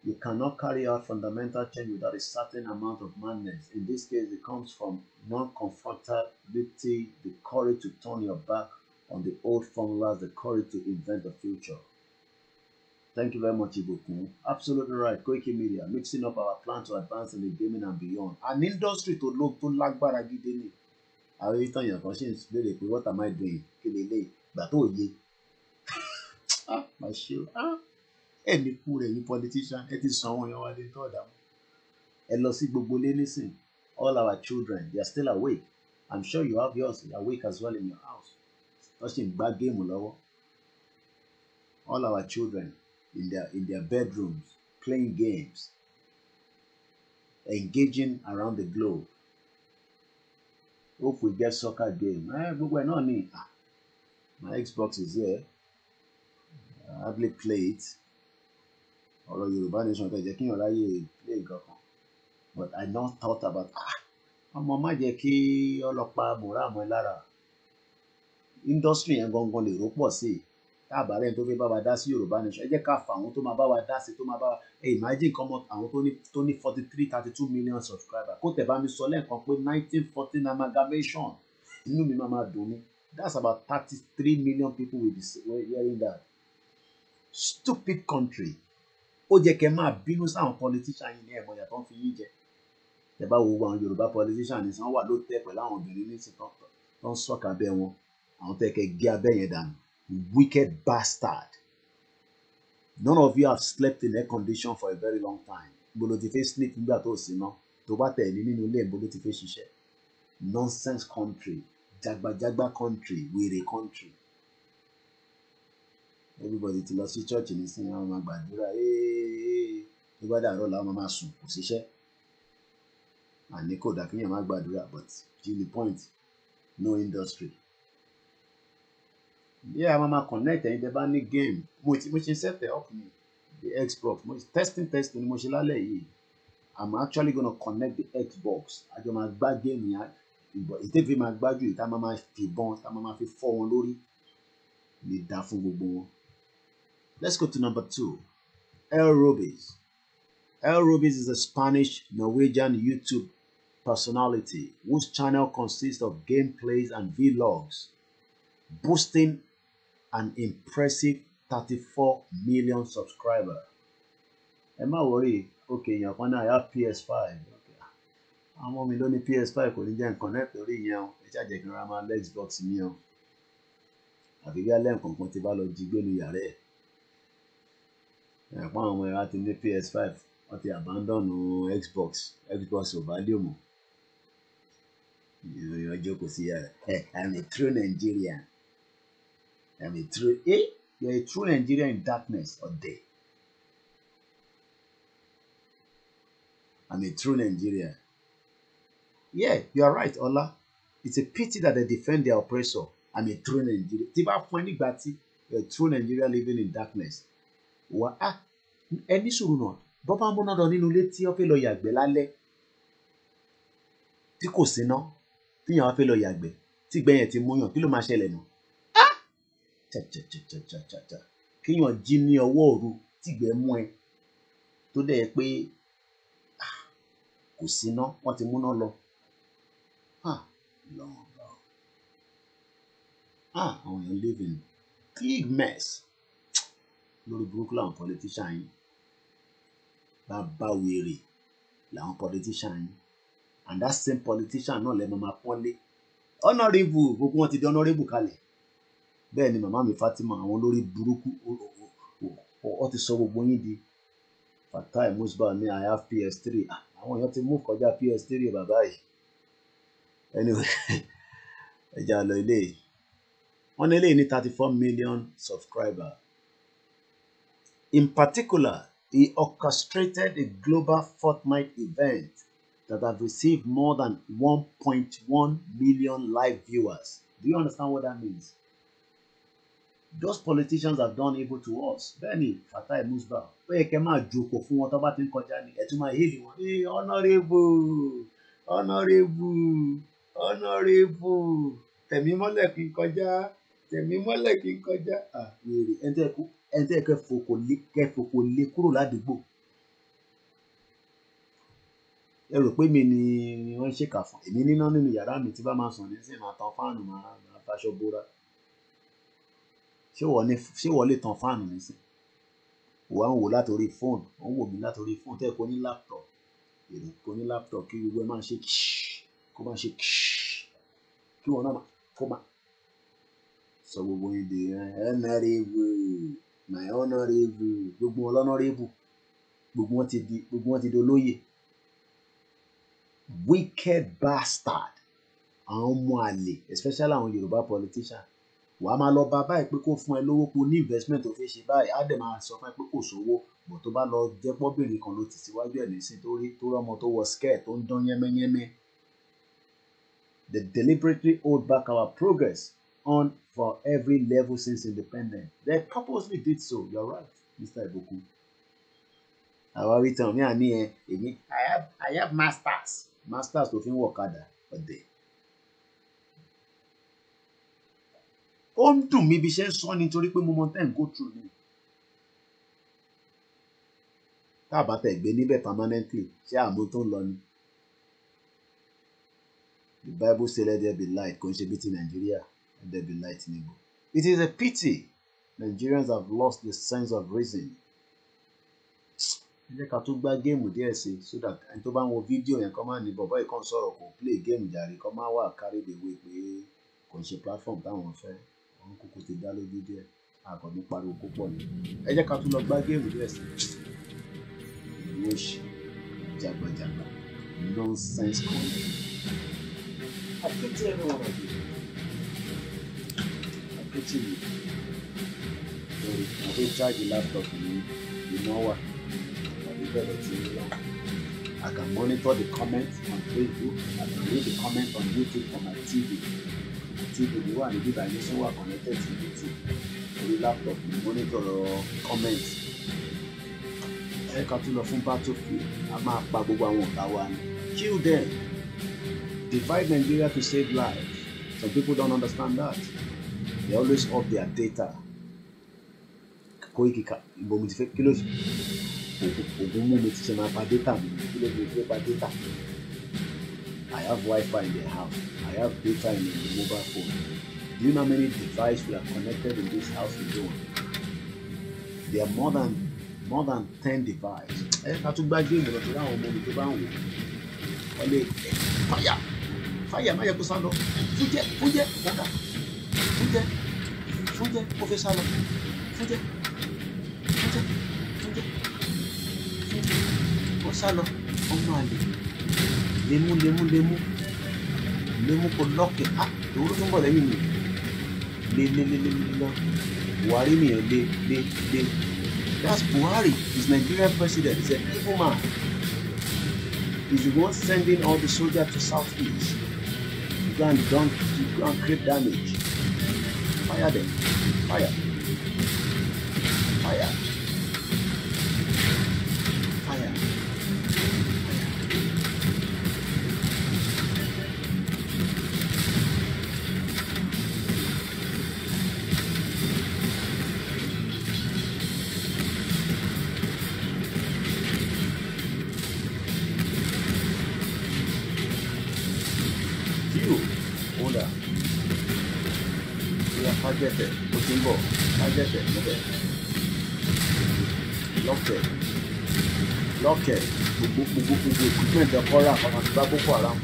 You cannot carry out fundamental change without a certain amount of madness. In this case, it comes from non-comfortability, the courage to turn your back on the old formulas, the courage to invent the future. Thank you very much, Ibukun. Absolutely right, Koiki Media, mixing up our plan to advance in the gaming and beyond. An industry tó look to lag gidi ni. Àwọn èyí tán yàn kan ṣì ń béèrè pé what am I doing? Kí lélẹ́yìí? Gbà tó yé. [laughs] Ah, màá ṣe Ah ẹ̀mí kú rẹ̀ ní politician ẹ ti sàn àwọn èèyàn wá dé tó ọ̀dà mọ́ ẹ lọ sí gbogbo ilé nísìn all our children they are still awake i'm sure you have yours awake as well in your house wọ́n sì ń gbá géèmù lọ́wọ́ all our children in their in their bedrooms playing games engaging around the globe hope we get soccer game ẹ eh, gbogbo ẹ náà ni ah, my xbox is here i hardly play it ọ̀rọ̀ Yorùbá nation tẹ̀ jẹ́ kí èèyàn ráyè lé nǹkan kan but I don thought about ah ọmọ má jẹ́ kí ọlọ́pàá Buhari mọ́ ẹ lára industry yẹn gangan lè rò pọ̀ sí i tá a bá rẹ̀ tó fẹ́ bá wa dá sí Yorùbá nation ẹ jẹ́ ká fa àwọn tó máa bá wa dá sí tó máa bá wa ẹ imagine kan mọ àwọn tó ní tó ní forty three thirty two million subscribers kó tẹ̀ bá mi sọ lẹ́ẹ̀kan pé nineteen fourteen amalgamation inú mi máa máa dùn ní that's about thirty three million people will be hearing that stupid country ó jẹ́ kẹ́ máa bínú sáwọn politician yìí ní ẹ̀mọ́ yàtọ̀ fi yín jẹ tẹ́ bá wo àwọn Yorùbá politician ní sàn wà ló àwọn obìnrin ní sìkan tó ń sọ̀kà abẹ́ wọn àwọn tẹ́ kẹ́ gé abẹ́ yẹn dànù wicked bastard none of you have slept in air condition for a very long time gbolo ti fẹ́ sleep nígbà tó sì ná tó bá tẹ̀ ní nínú ilé gbolo ti fẹ́ ṣiṣẹ́ nonsense country jagbajagba country wèrè country everybody ti lọ sí church nísìnyí àwọn máa gbàdúrà tó bá dàárọ̀ làwọn máa sùn kò síṣẹ́ àní kò dà kéèyàn má gbàdúrà but till the point no industry bí yeah, àwọn máa connect ẹ̀yin tẹ́ bá ní game mo ti mo ṣe sẹ́fẹ̀ ọkùnrin the xbox mo testing testing ni mo ṣe lálẹ́ yìí i'm actually gonna connect the xbox àjọ máa gbá géèmù yẹn ìbọn ìtẹ́fẹ́ máa gbájú ìta máa fi bọn ìta máa fi fọ́ wọn lórí lè dá fún gbogbo wọn. Let's go to number two, El Robis. El Robis is a Spanish Norwegian YouTube personality whose channel consists of gameplays and vlogs, boasting an impressive 34 million subscribers. Am I worried? okay, you kan I have PS5. Àwọn ọmọ mi ló ní PS5 kò ní jẹ́ nǹkan náà torí ìyẹn o, Xbox mi o. Àbí bí alẹ́ nǹkan kan ti bá ẹ̀pọ́n àwọn ọmọ ẹ wá ti ní PS5 wọ́n ti abandon Xbox Xbox ò value mọ́ ìròyìn ọjọ́ kò sí yàrá eh, ẹ̀ eh, I'm a true Nigerian I'm a true eh You're a true Nigerian in darkness ọ̀dẹ̀ I'm a true Nigerian yeah you are right Ọlá it's a pity that they defend their oppressor I'm a true Nigerian tí bá fún ẹ nígbà tí you a true Nigerian living in darkness wá á ah, ẹ ní sùúrù náà bọ́ bá múná lọ nínú ilé tí wọ́n fẹ́ lọ yàgbẹ́ lálẹ́ tí kò síná tíyàn wá fẹ́ lọ yàgbẹ́ tí gbẹ̀yìn ti múyàn kí ló máa ṣẹlẹ̀ nù. Ah! kíyàn jí ní ọwọ́ òru tìgbẹ́ mú ẹ tó dẹ̀ pé ah, kò síná wọ́n ti múná lọ. Long, long. Ah, I want to big mess lórí burúkú làwọn politician yín bàbá wèrè làwọn politician yín and that same politician náà lẹ́nu máa pọ́nlé honourable gbogbo wọn ti di honourable kalẹ̀ bẹ́ẹ̀ ni màmá mi Fatima àwọn lórí burúkú ọ ti sọ gbogbo yín di Fatai Musbah ní I have PS3 ah, àwọn èèyàn ti mú kọjá PS3 bàbá yìí anyway [laughs] ẹja lọ ilé wọn ní eléyìí ní thirty four million subscriber In particular, he orchestrated a global fortnight event that have received more than 1.1 million live viewers. Do you understand what that means? Those politicians have done evil to us. Bẹ́ẹ̀ni, Fatai Musba, ó yẹ kẹ́ máa jókòó fún wọn tó bá ti ń kọjá ní ẹ̀tún máa hélì wọn. Ee honourable honourable honourable tẹ̀mí mọ́lẹ̀ kí n kọjá tẹ̀mí mọ́lẹ̀ kí n kọjá. Ah, ẹni tó yẹ kẹ́ fòkò lé kẹ́ fòkò lé kúrò ládùúgbò ẹ rò pé mi ni wọ́n ń ṣèkà fún èmi níná nínú yàrá mi tí bá máa sùn ní sìn máa tan fáànù máa faṣọ bóra ṣé wọ́n lè tan fáànù ní sìn wà ń wò látòrí fóònù wọ́n wò mí látòrí fóònù tẹ́ ẹ̀ kó ní láptọ̀pù èrò kó ní láptọ̀pù kí gbogbo ẹ máa ṣe kíṣì kó máa ṣe kíṣì kí wọn náà kó máa sọ gbogbo yín di ẹ ẹ mẹ́rin wò my honourable gbogbo wọn lọ́nọ́rẹ́bù gbogbo wọn ti di gbogbo wọn ti di olóyè wicked bastard àwọn ọmọ àlè especially àwọn Yorùbá politician wà á máa lọ bá báyìí pé kó fún ẹ lówó kó ní investment tó fẹ́ ṣe báyìí á dẹ̀ máa sọ fún ẹ pé kò sówó bọ̀ tó bá lọ jẹ́ pọ́bìnrin kan ló ti síwájú ẹ̀ nísìn tó rí tó rọ́mọ tó wọ skirt tó ń dán yẹ́mẹ́yẹ́mẹ́ they deliberately hold back our progress on for every level since independence. They purposely did so. You're right, Mr. Iboku. Àwárí tán mi àní ẹ èmi I have I have masters masters tó fi ń wọ̀kadà ọ̀dẹ̀. Ó ń dùn mí bí iṣẹ́ ń sọ nítorí pé mo mọ tẹ́ ń go through ni. Tá a bá tẹ̀ gbé níbẹ̀ permanently ṣé àmú tó ń lọ ni. The Bible say let there be light kò ń ṣe bí ti Nàìjíríà they be lightning. It is a pity Nigerians have lost the sense of reason. Ẹ jẹ́ ká tún gbá géèmù díẹ̀ sí so that ẹni tó bá ń wo fídíò yẹn kọ́ máa ní bọ̀bọ́ ìkan sọ̀rọ̀ kò play géèmù jàre kọ́ máa wà carried away pé kò ń ṣe platform táwọn fẹ́ àwọn kókó ti dá lójú díẹ̀ àkànní pariwo púpọ̀ ni. Ẹ jẹ́ ká tún lọ gbá géèmù díẹ̀ sí i. Ìwé òṣì jàgbàjàgbà nonsense kan. Akéde ẹ̀rọ ọ̀rọ̀ yìí pìtì mi lórí àwọn tó laptop ní iná wà tàbí bẹ̀rẹ̀ sí ní lọ. I can monitor the comments on Facebook I can read the comments on YouTube from my TV. TV mi wà níbí ìbàyẹ̀ sọ wà connected to YouTube orí laptop mi monitor comments. Ẹ̀ka tó lọ fún battlefield a máa pa gbogbo àwọn ọ̀tá wa ni. Kill them. Divide Nigeria to save lives. Some people don't understand that they always up their data Koiki ìbò mo ti fẹ́ kí ló ògùn mú mi ti ṣe máa pa data mi kí ló fi fẹ́ pa data I have Wi-Fi in the house I have data in the mobile phone do you know how many devices we are connected in this house alone there are more than more than ten devices ẹ ká tún gbájú ìmọ̀ràn tó láwọn ọmọ mi tó bá ń wò wọ́n lè fàyà fàyà má yẹ kó sá lọ fújẹ fújẹ ọ̀gá. Fúnjẹ́ Fúnjẹ́ ó fẹ́ sá lọ Fúnjẹ́ Fúnjẹ́ Fúnjẹ́ Fúnjẹ́ ó sá lọ ọmọ àlè lemu lemu lemu lemu kò lọ́ọ̀kì á ah, ìwúrú tó ń bọ̀ lẹ́yìn mi lé lé lé lé lọ Buhari nìyẹn lé lé lé that's Buhari is Nigerian president he's an evil man he's the one sending all the soldiers to southeast to go and don to go and create damage. 早で、早、早。statement ọkọra àpamọ́ ti bá boko haram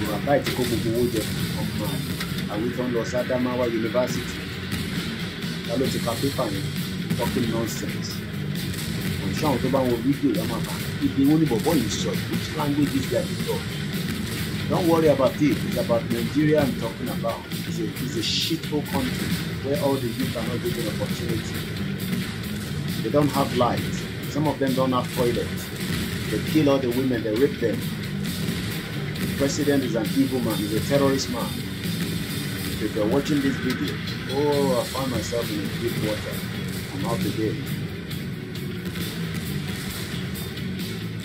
yorùbá ti kó gbogbo owó jẹ ọmọ àwọn tó ń lọ sí adamawa yunifásitì ta ló ti ka pépà yẹn talking nonsense kò sí àwọn tó bá wọn fídíò yà máa bá ibi wọn ní bọ̀bọ̀ yìí sọ which language is their talk don't worry about it it's about Nigeria I'm talking about it's a it's a shithole country where all the youth are not given opportunity they don't have light some of them don't have toilet. They kill all the women, they rape them. The president is an evil man, he's a terrorist man. If you're watching this video, oh, I find myself in deep water. I'm out again.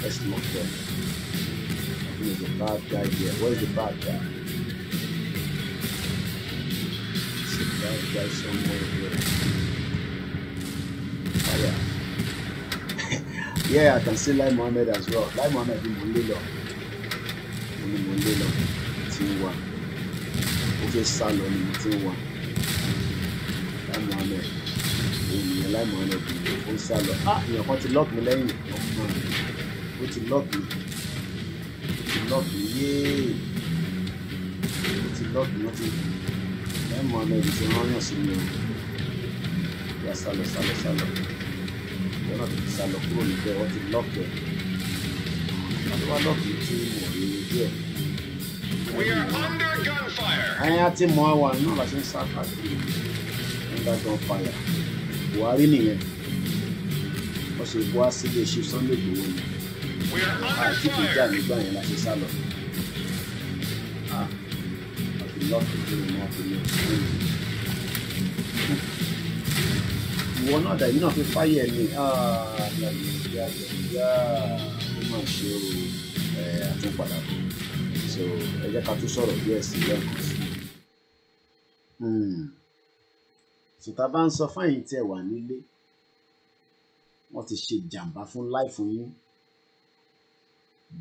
Let's look there. I think there's a bad guy here. Where's the bad guy? There's a bad guy somewhere here. yeah I can see Lai Mohammed as well Lai Mohammed in lé in mo ní mo lé lọ tí ń wà ó fẹ́ sá lọ ni mo ti ń Lai Mohammed ènìyàn Lai Mohammed ó ń sá ah èèyàn kan to lock mi lẹ́yìn ọ̀gbọ́n ó to lock mi ó to lock mi yéé ó to lock me? ó ti Lai Mohammed is rán yàn sí mi o salon, salon, sálọ ìgbẹ́ náà ti ti sá kúrò níbẹ̀ wọ́n ti lọ́ọ̀kì ẹ̀ wọ́n wá lọ́ọ̀kì tí mo rí díẹ̀. we are under gunfire. àyà ti mọ àwa náà la ṣe ń sá káàkiri under gunfire Buhari nìyẹn wọ́n ṣe bọ́ sílé ṣe Sunday Igboho ni àti ìjà nígbà yẹn la ṣe sá lọ. Ah, I love to do more for you ìwọ náà dàbí náà fi fáyẹ̀ mi yàyà ah, yàyà ó máa ṣe o àtúnpadà so ẹ jẹ́ ká tún sọ̀rọ̀ díẹ̀ sí i lẹ́ẹ̀kan sí i. Hmm. sùtà bá ń sọ fún ẹ̀yin tí ẹ wà nílé wọ́n ti ṣe jàǹbá fún láì fún yín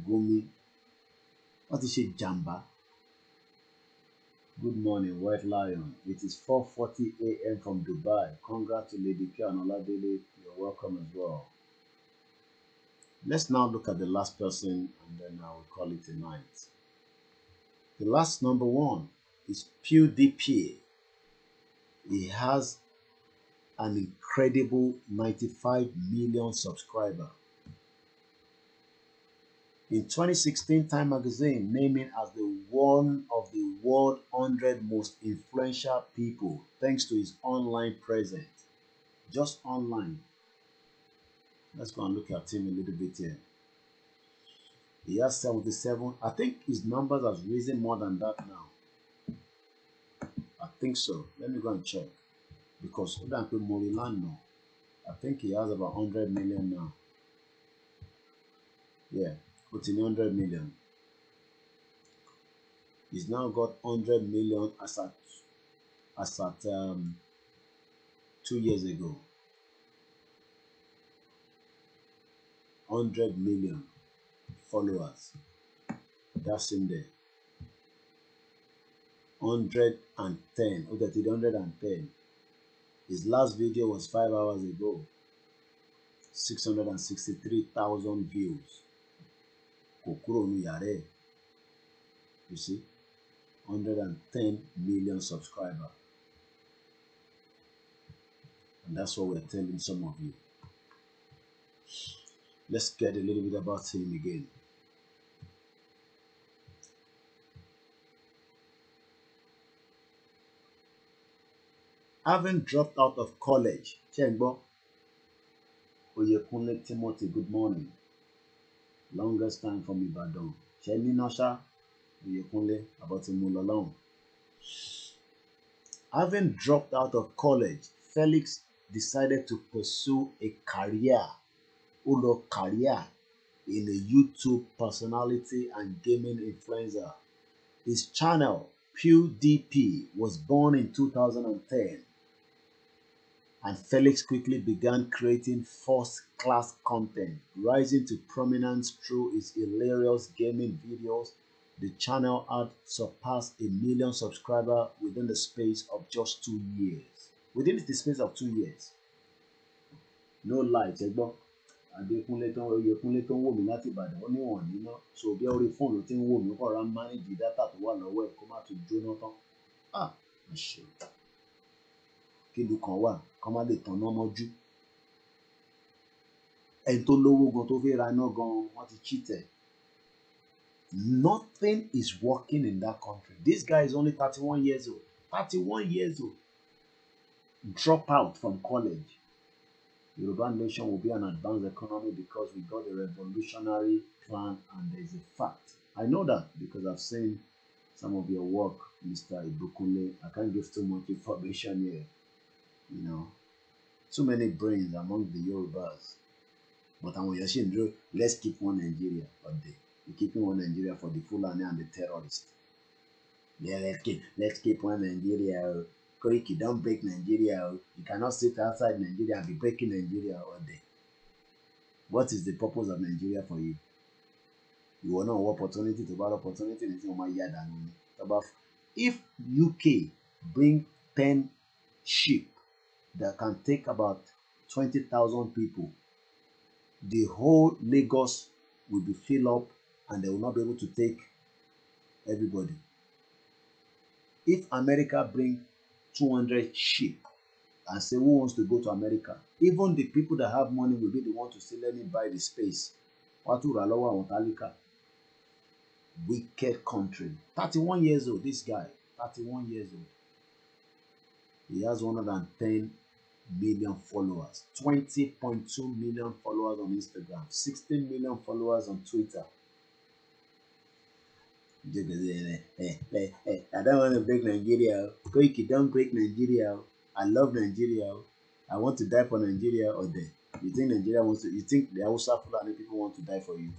gómi wọ́n ti ṣe jàǹbá Good morning, White Lion. It is 4.40 a.m. from Dubai. Congrats to Lady K and Oladele. You're welcome as well. Let's now look at the last person and then I will call it a night. The last number one is PewDiePie. He has an incredible 95 million subscribers. In 2016, Time magazine named him as the one of the world 100 most influential people thanks to his online presence. Just online. Let's go and look at him a little bit here. He has 77. I think his numbers has risen more than that now. I think so. Let me go and check. Because Odanpe land now. I think he has about 100 million now. Yeah, 1400 million He's now got 100 million as at, as at um, two years ago. 100 million followers. That's in there. 110. Oh, that 110. His last video was five hours ago. 663,000 views. Kokoro kúrò yare, you see hundred and ten million subscribers and that's what we're telling some of you let's get a little bit about him again having dropped out of college ṣe Oyekunle Timothy good morning longest time from Ìbàdàn ṣe níná about Oyèkúnlé mula long. Having dropped out of college, Felix decided to pursue a career Ulo lọ career in a YouTube personality and gaming influencer. His channel PewDP was born in 2010 and Felix quickly began creating first class content, rising to prominence through his hilarious gaming videos. The channel had surpassed a million subscribers within the space of just two years. Within the space of two years. No lie, Tegbo. Adékúnlé tó ń Oyèkúnlé tó ń not by the only one, you know. so bí already found tí ń wò mí kọ́ ra mánéjì dátà tó wà come out to Jonathan. Ah, jóná tán. Ah, ṣe kíndùn kan wà kán má lè tanná mọ́jú ẹni tó lówó gan tó fẹ́ ra iná gan wọ́n ti cheated nothing is working in that country this guy is only thirty-one years old thirty-one years old drop out from college Yoruba nation will be an advanced economy because we got a revolutionary plan and there is a fact I know that because I've seen some of your work Mr. Ibukunle I can't give too much information here. you know, too many brains among the Yorubas. But I'm Yoshindro, let's keep one Nigeria but the we're keeping one Nigeria for the Fulani and the terrorists. Yeah, let's keep let's keep one Nigeria. Oh. Koiki, don't break Nigeria. Oh. You cannot sit outside Nigeria and be breaking Nigeria all day. What is the purpose of Nigeria for you? You will not opportunity to buy opportunity anything my year than If UK bring 10 sheep that can take about 20,000 people, the whole Lagos will be filled up and they will not be able to take everybody. If America bring 200 ship, and say, who wants to go to America? Even the people that have money will be the one to say, let me buy the space. Wọ́n tún rà lọ́wọ́ àwọn Wicked country. 31 years old, this guy, 31 years old. He has 110 million followers, 20.2 million followers on Instagram, 16 million followers on Twitter. I don't want to break Nigeria. Quick, don't break Nigeria. I love Nigeria. I want to die for Nigeria or death. You think Nigeria wants to, you think the Hausa Fulani people want to die for you?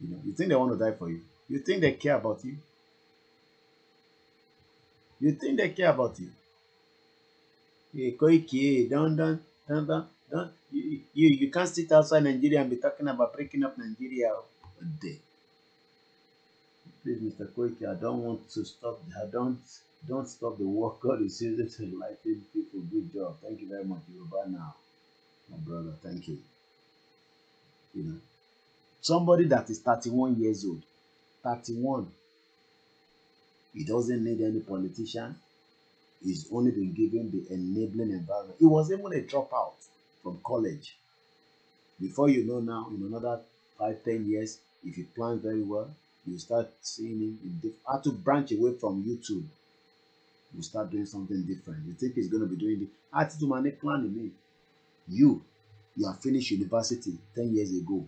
You know, you think they want to die for you? You think they care about you? You think they care about you? Koike, don't, don't, don't, don't, don't. You, you, you can't sit outside Nigeria and be talking about breaking up Nigeria today. Please, Mr. Koike, I don't want to stop. I don't, don't stop the work. [laughs] God is using to enlighten people. Good job. Thank you very much, Yoruba now. My brother, thank you. You know, somebody that is thirty-one years old, thirty-one. he doesn't need any politician. He's only been given the enabling environment. He was even a dropout from college. Before you know now, in another five, ten years, if you plan very well, you start seeing him in diff- how to branch away from YouTube. You start doing something different. You think he's going to be doing the attitude money planning. Me. You, you have finished university 10 years ago,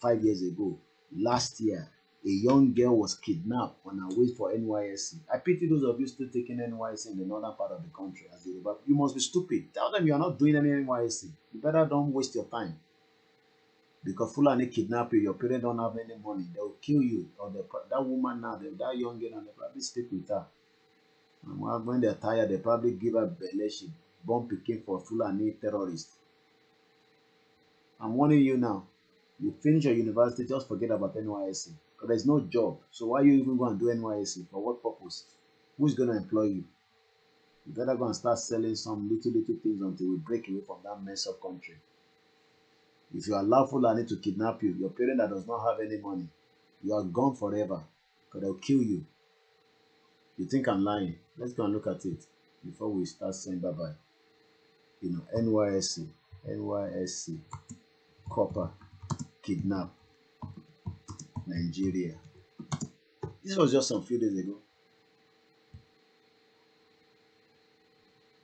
five years ago, last year, a young girl was kidnapped on her way for NYSC. I pity those of you still taking NYSC in the northern part of the country as they but you must be stupid. Tell them you're not doing any NYSC. You better don't waste your time. Because Fulani kidnap you, your parents don't have any money. They'll kill you. Or the, that woman now, they, that young girl, and they probably stick with her. And when they're tired, they probably give her belly. She bomb picking for Fulani terrorists. I'm warning you now. You finish your university, just forget about NYSC. Because there's no job. So why are you even going to do NYSC? For what purpose? Who's going to employ you? You better go and start selling some little, little things until we break away from that mess of country. If you allow Fulani to kidnap you, your parent that does not have any money, you are gone forever because they'll kill you. You think I'm lying? Let's go and look at it before we start saying bye bye. You know, NYSC, NYSC, copper, kidnap. Nigeria. This was just some few days ago.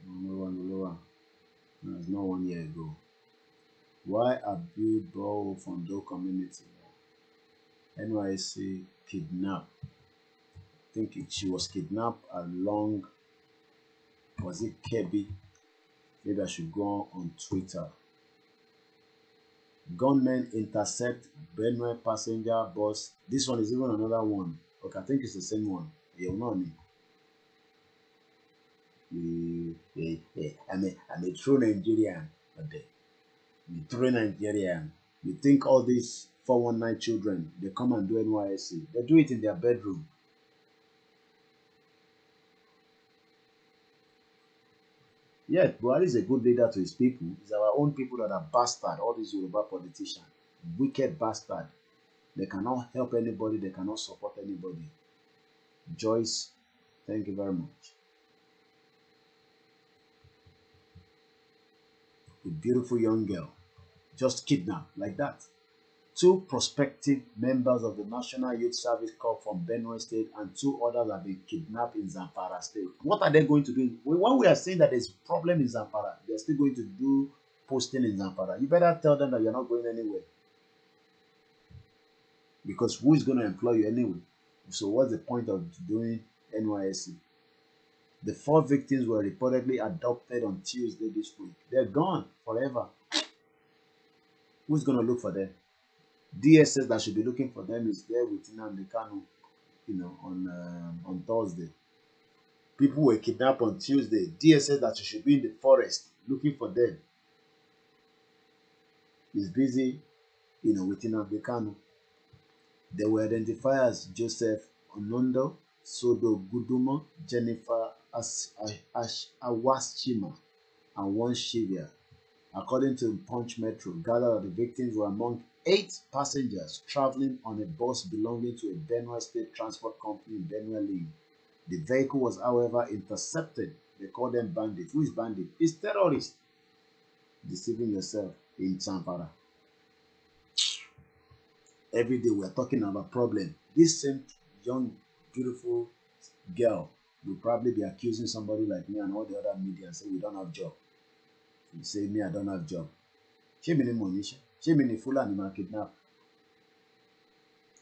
No, it's not one year ago. Why abuse borrow from the community? NYC kidnap. I think it, she was kidnapped along. Was it Kebi? Maybe I should go on Twitter. Gunmen intercept Benue passenger bus. This one is even another one. Okay, I think it's the same one. Yeah, no, yeah, yeah. I mean, I'm a true Nigerian. Okay. Uh, I'm a true Nigerian. You think all these 419 children, they come and do NYSC. They do it in their bedroom. Yet, Buhari is a good leader to his people. It's our own people that are bastard, all these Yoruba politicians, wicked bastard. They cannot help anybody, they cannot support anybody. Joyce, thank you very much. A beautiful young girl, just kidnapped like that. Two prospective members of the National Youth Service Corps from Benue State and two others have been kidnapped in Zamfara State. What are they going to do? When we are saying that there's a problem in Zamfara, they're still going to do posting in Zamfara. You better tell them that you're not going anywhere. Because who is going to employ you anyway? So what's the point of doing NYSC? The four victims were reportedly adopted on Tuesday this week. They're gone forever. Who's going to look for them? DSS that should be looking for them is there with Nnamdi Kanu, you know, on um, on Thursday. People were kidnapped on Tuesday. DSS that should be in the forest looking for them is busy, you know, with the canoe. They were identified as Joseph Onondo, Sodo Guduma, Jennifer As As Awashima, and one Shivia. According to Punch Metro, gathered that the victims were among eight passengers traveling on a bus belonging to a Benue State Transport Company in Benue League. The vehicle was, however, intercepted. They call them bandits. Who is bandit? It's terrorist. Deceiving yourself in Champara. Every day we're talking about problem. This same young, beautiful girl will probably be accusing somebody like me and all the other media and say we don't have job. You say me, I don't have job. She in the money. Mimi ni Fulani na kidnap.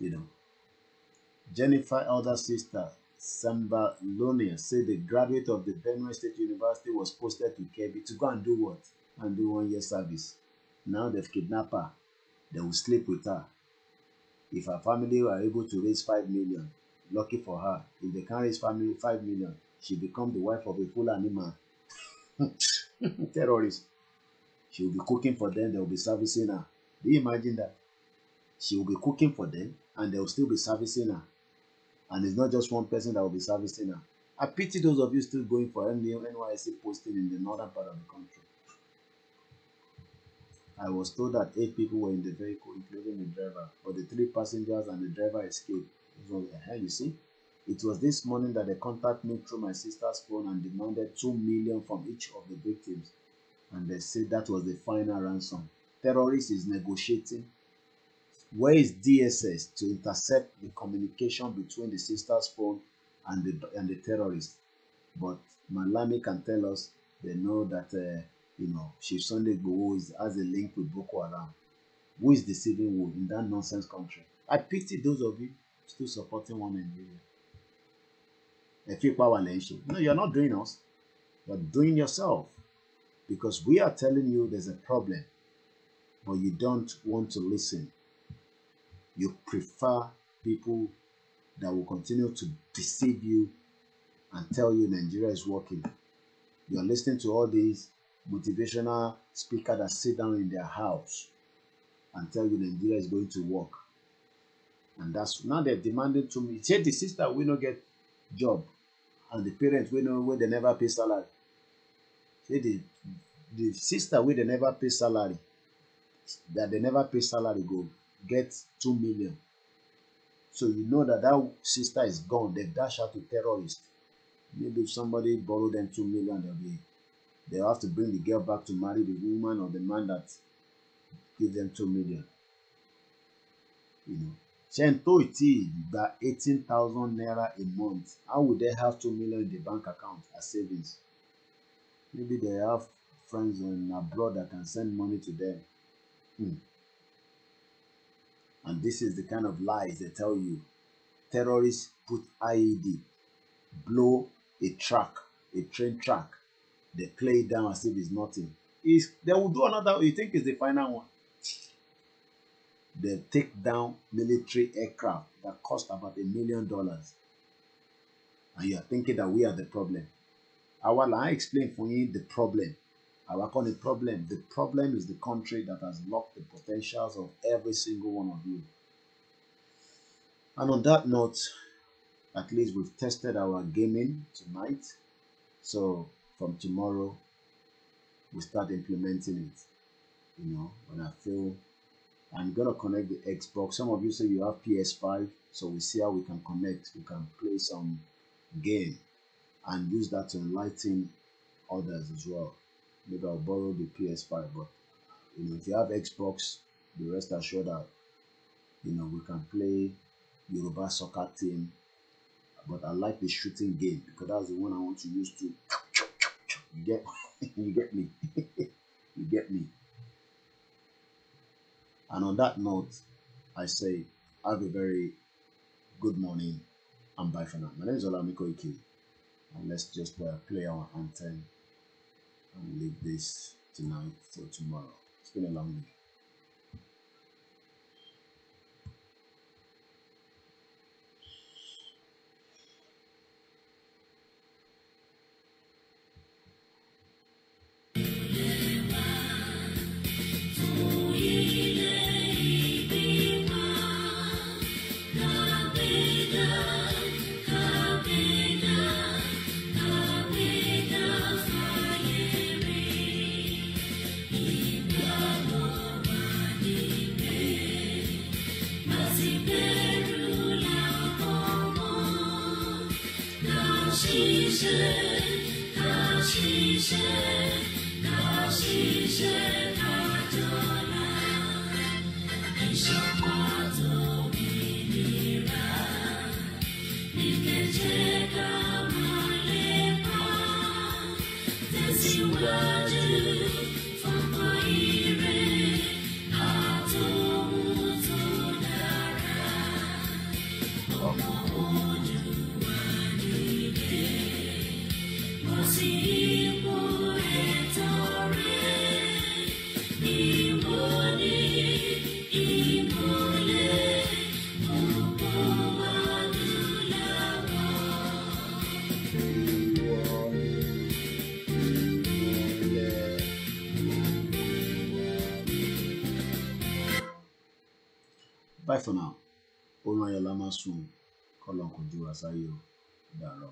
You know. Jennifer, elder sister, Samba Lonia, said the graduate of the Benue State University was posted to Kebbi to go and do what? And do one year service. Now they've kidnapped her. They will sleep with her. If her family were able to raise 5 million, lucky for her. If they can't raise family 5 million, she become the wife of a Fulani man. [laughs] Terrorist. She will be cooking for them. They will be servicing her. Do you imagine that? She will be cooking for them and they will still be servicing her. And it's not just one person that will be servicing her. I pity those of you still going for NYSC posting in the northern part of the country. I was told that eight people were in the vehicle, including the driver, but the three passengers and the driver escaped. It was hell, eh, you see. It was this morning that they contacted me through my sister's phone and demanded two million from each of the victims, and they said that was the final ransom terrorists is negotiating? Where is DSS to intercept the communication between the sisters' phone and the, and the terrorists? But Malami can tell us they know that, uh, you know, Chief Sunday has a link with Boko Haram. Who is deceiving who in that nonsense country? I pity those of you still supporting one Nigeria. A few power nation. No, you're not doing us. You're doing yourself. Because we are telling you there's a problem but you don't want to listen. You prefer people that will continue to deceive you and tell you Nigeria is working. You are listening to all these motivational speakers that sit down in their house and tell you Nigeria is going to work. And that's now they're demanding to me. Say the sister will not get job and the parents will not where they never pay salary. Say the the sister will they never pay salary that they never pay salary go get two million. So you know that that sister is gone. They dash out to terrorists. Maybe if somebody borrow them two million, they'll be they'll have to bring the girl back to marry the woman or the man that give them two million. You know. Shento Iti gba eighteen thousand naira a month. How would they have two million in the bank account as savings? Maybe they have friends in abroad that can send money to them. Hmm. And this is the kind of lies they tell you. Terrorists put IED, blow a track, a train track. They play it down as if it's nothing. Is they will do another, you think it's the final one. They take down military aircraft that cost about a million dollars. And you are thinking that we are the problem. I will I explain for you the problem. I call it problem. The problem is the country that has locked the potentials of every single one of you. And on that note, at least we've tested our gaming tonight. So from tomorrow, we start implementing it. You know, when I feel I'm gonna connect the Xbox. Some of you say you have PS5, so we see how we can connect. We can play some game and use that to enlighten others as well maybe I'll borrow the PS5. But you know, if you have Xbox, the rest are sure that you know we can play Yoruba soccer team. But I like the shooting game because that's the one I want to use to [laughs] you get [laughs] you get me. [laughs] you get me. And on that note, I say have a very good morning and bye for now. My name is Olamiko Iki and let's just uh, play our anthem and leave this tonight for tomorrow. It's been a long day. Jésù. Kọ́lọ́hun kó jí wa sáyé o. Ó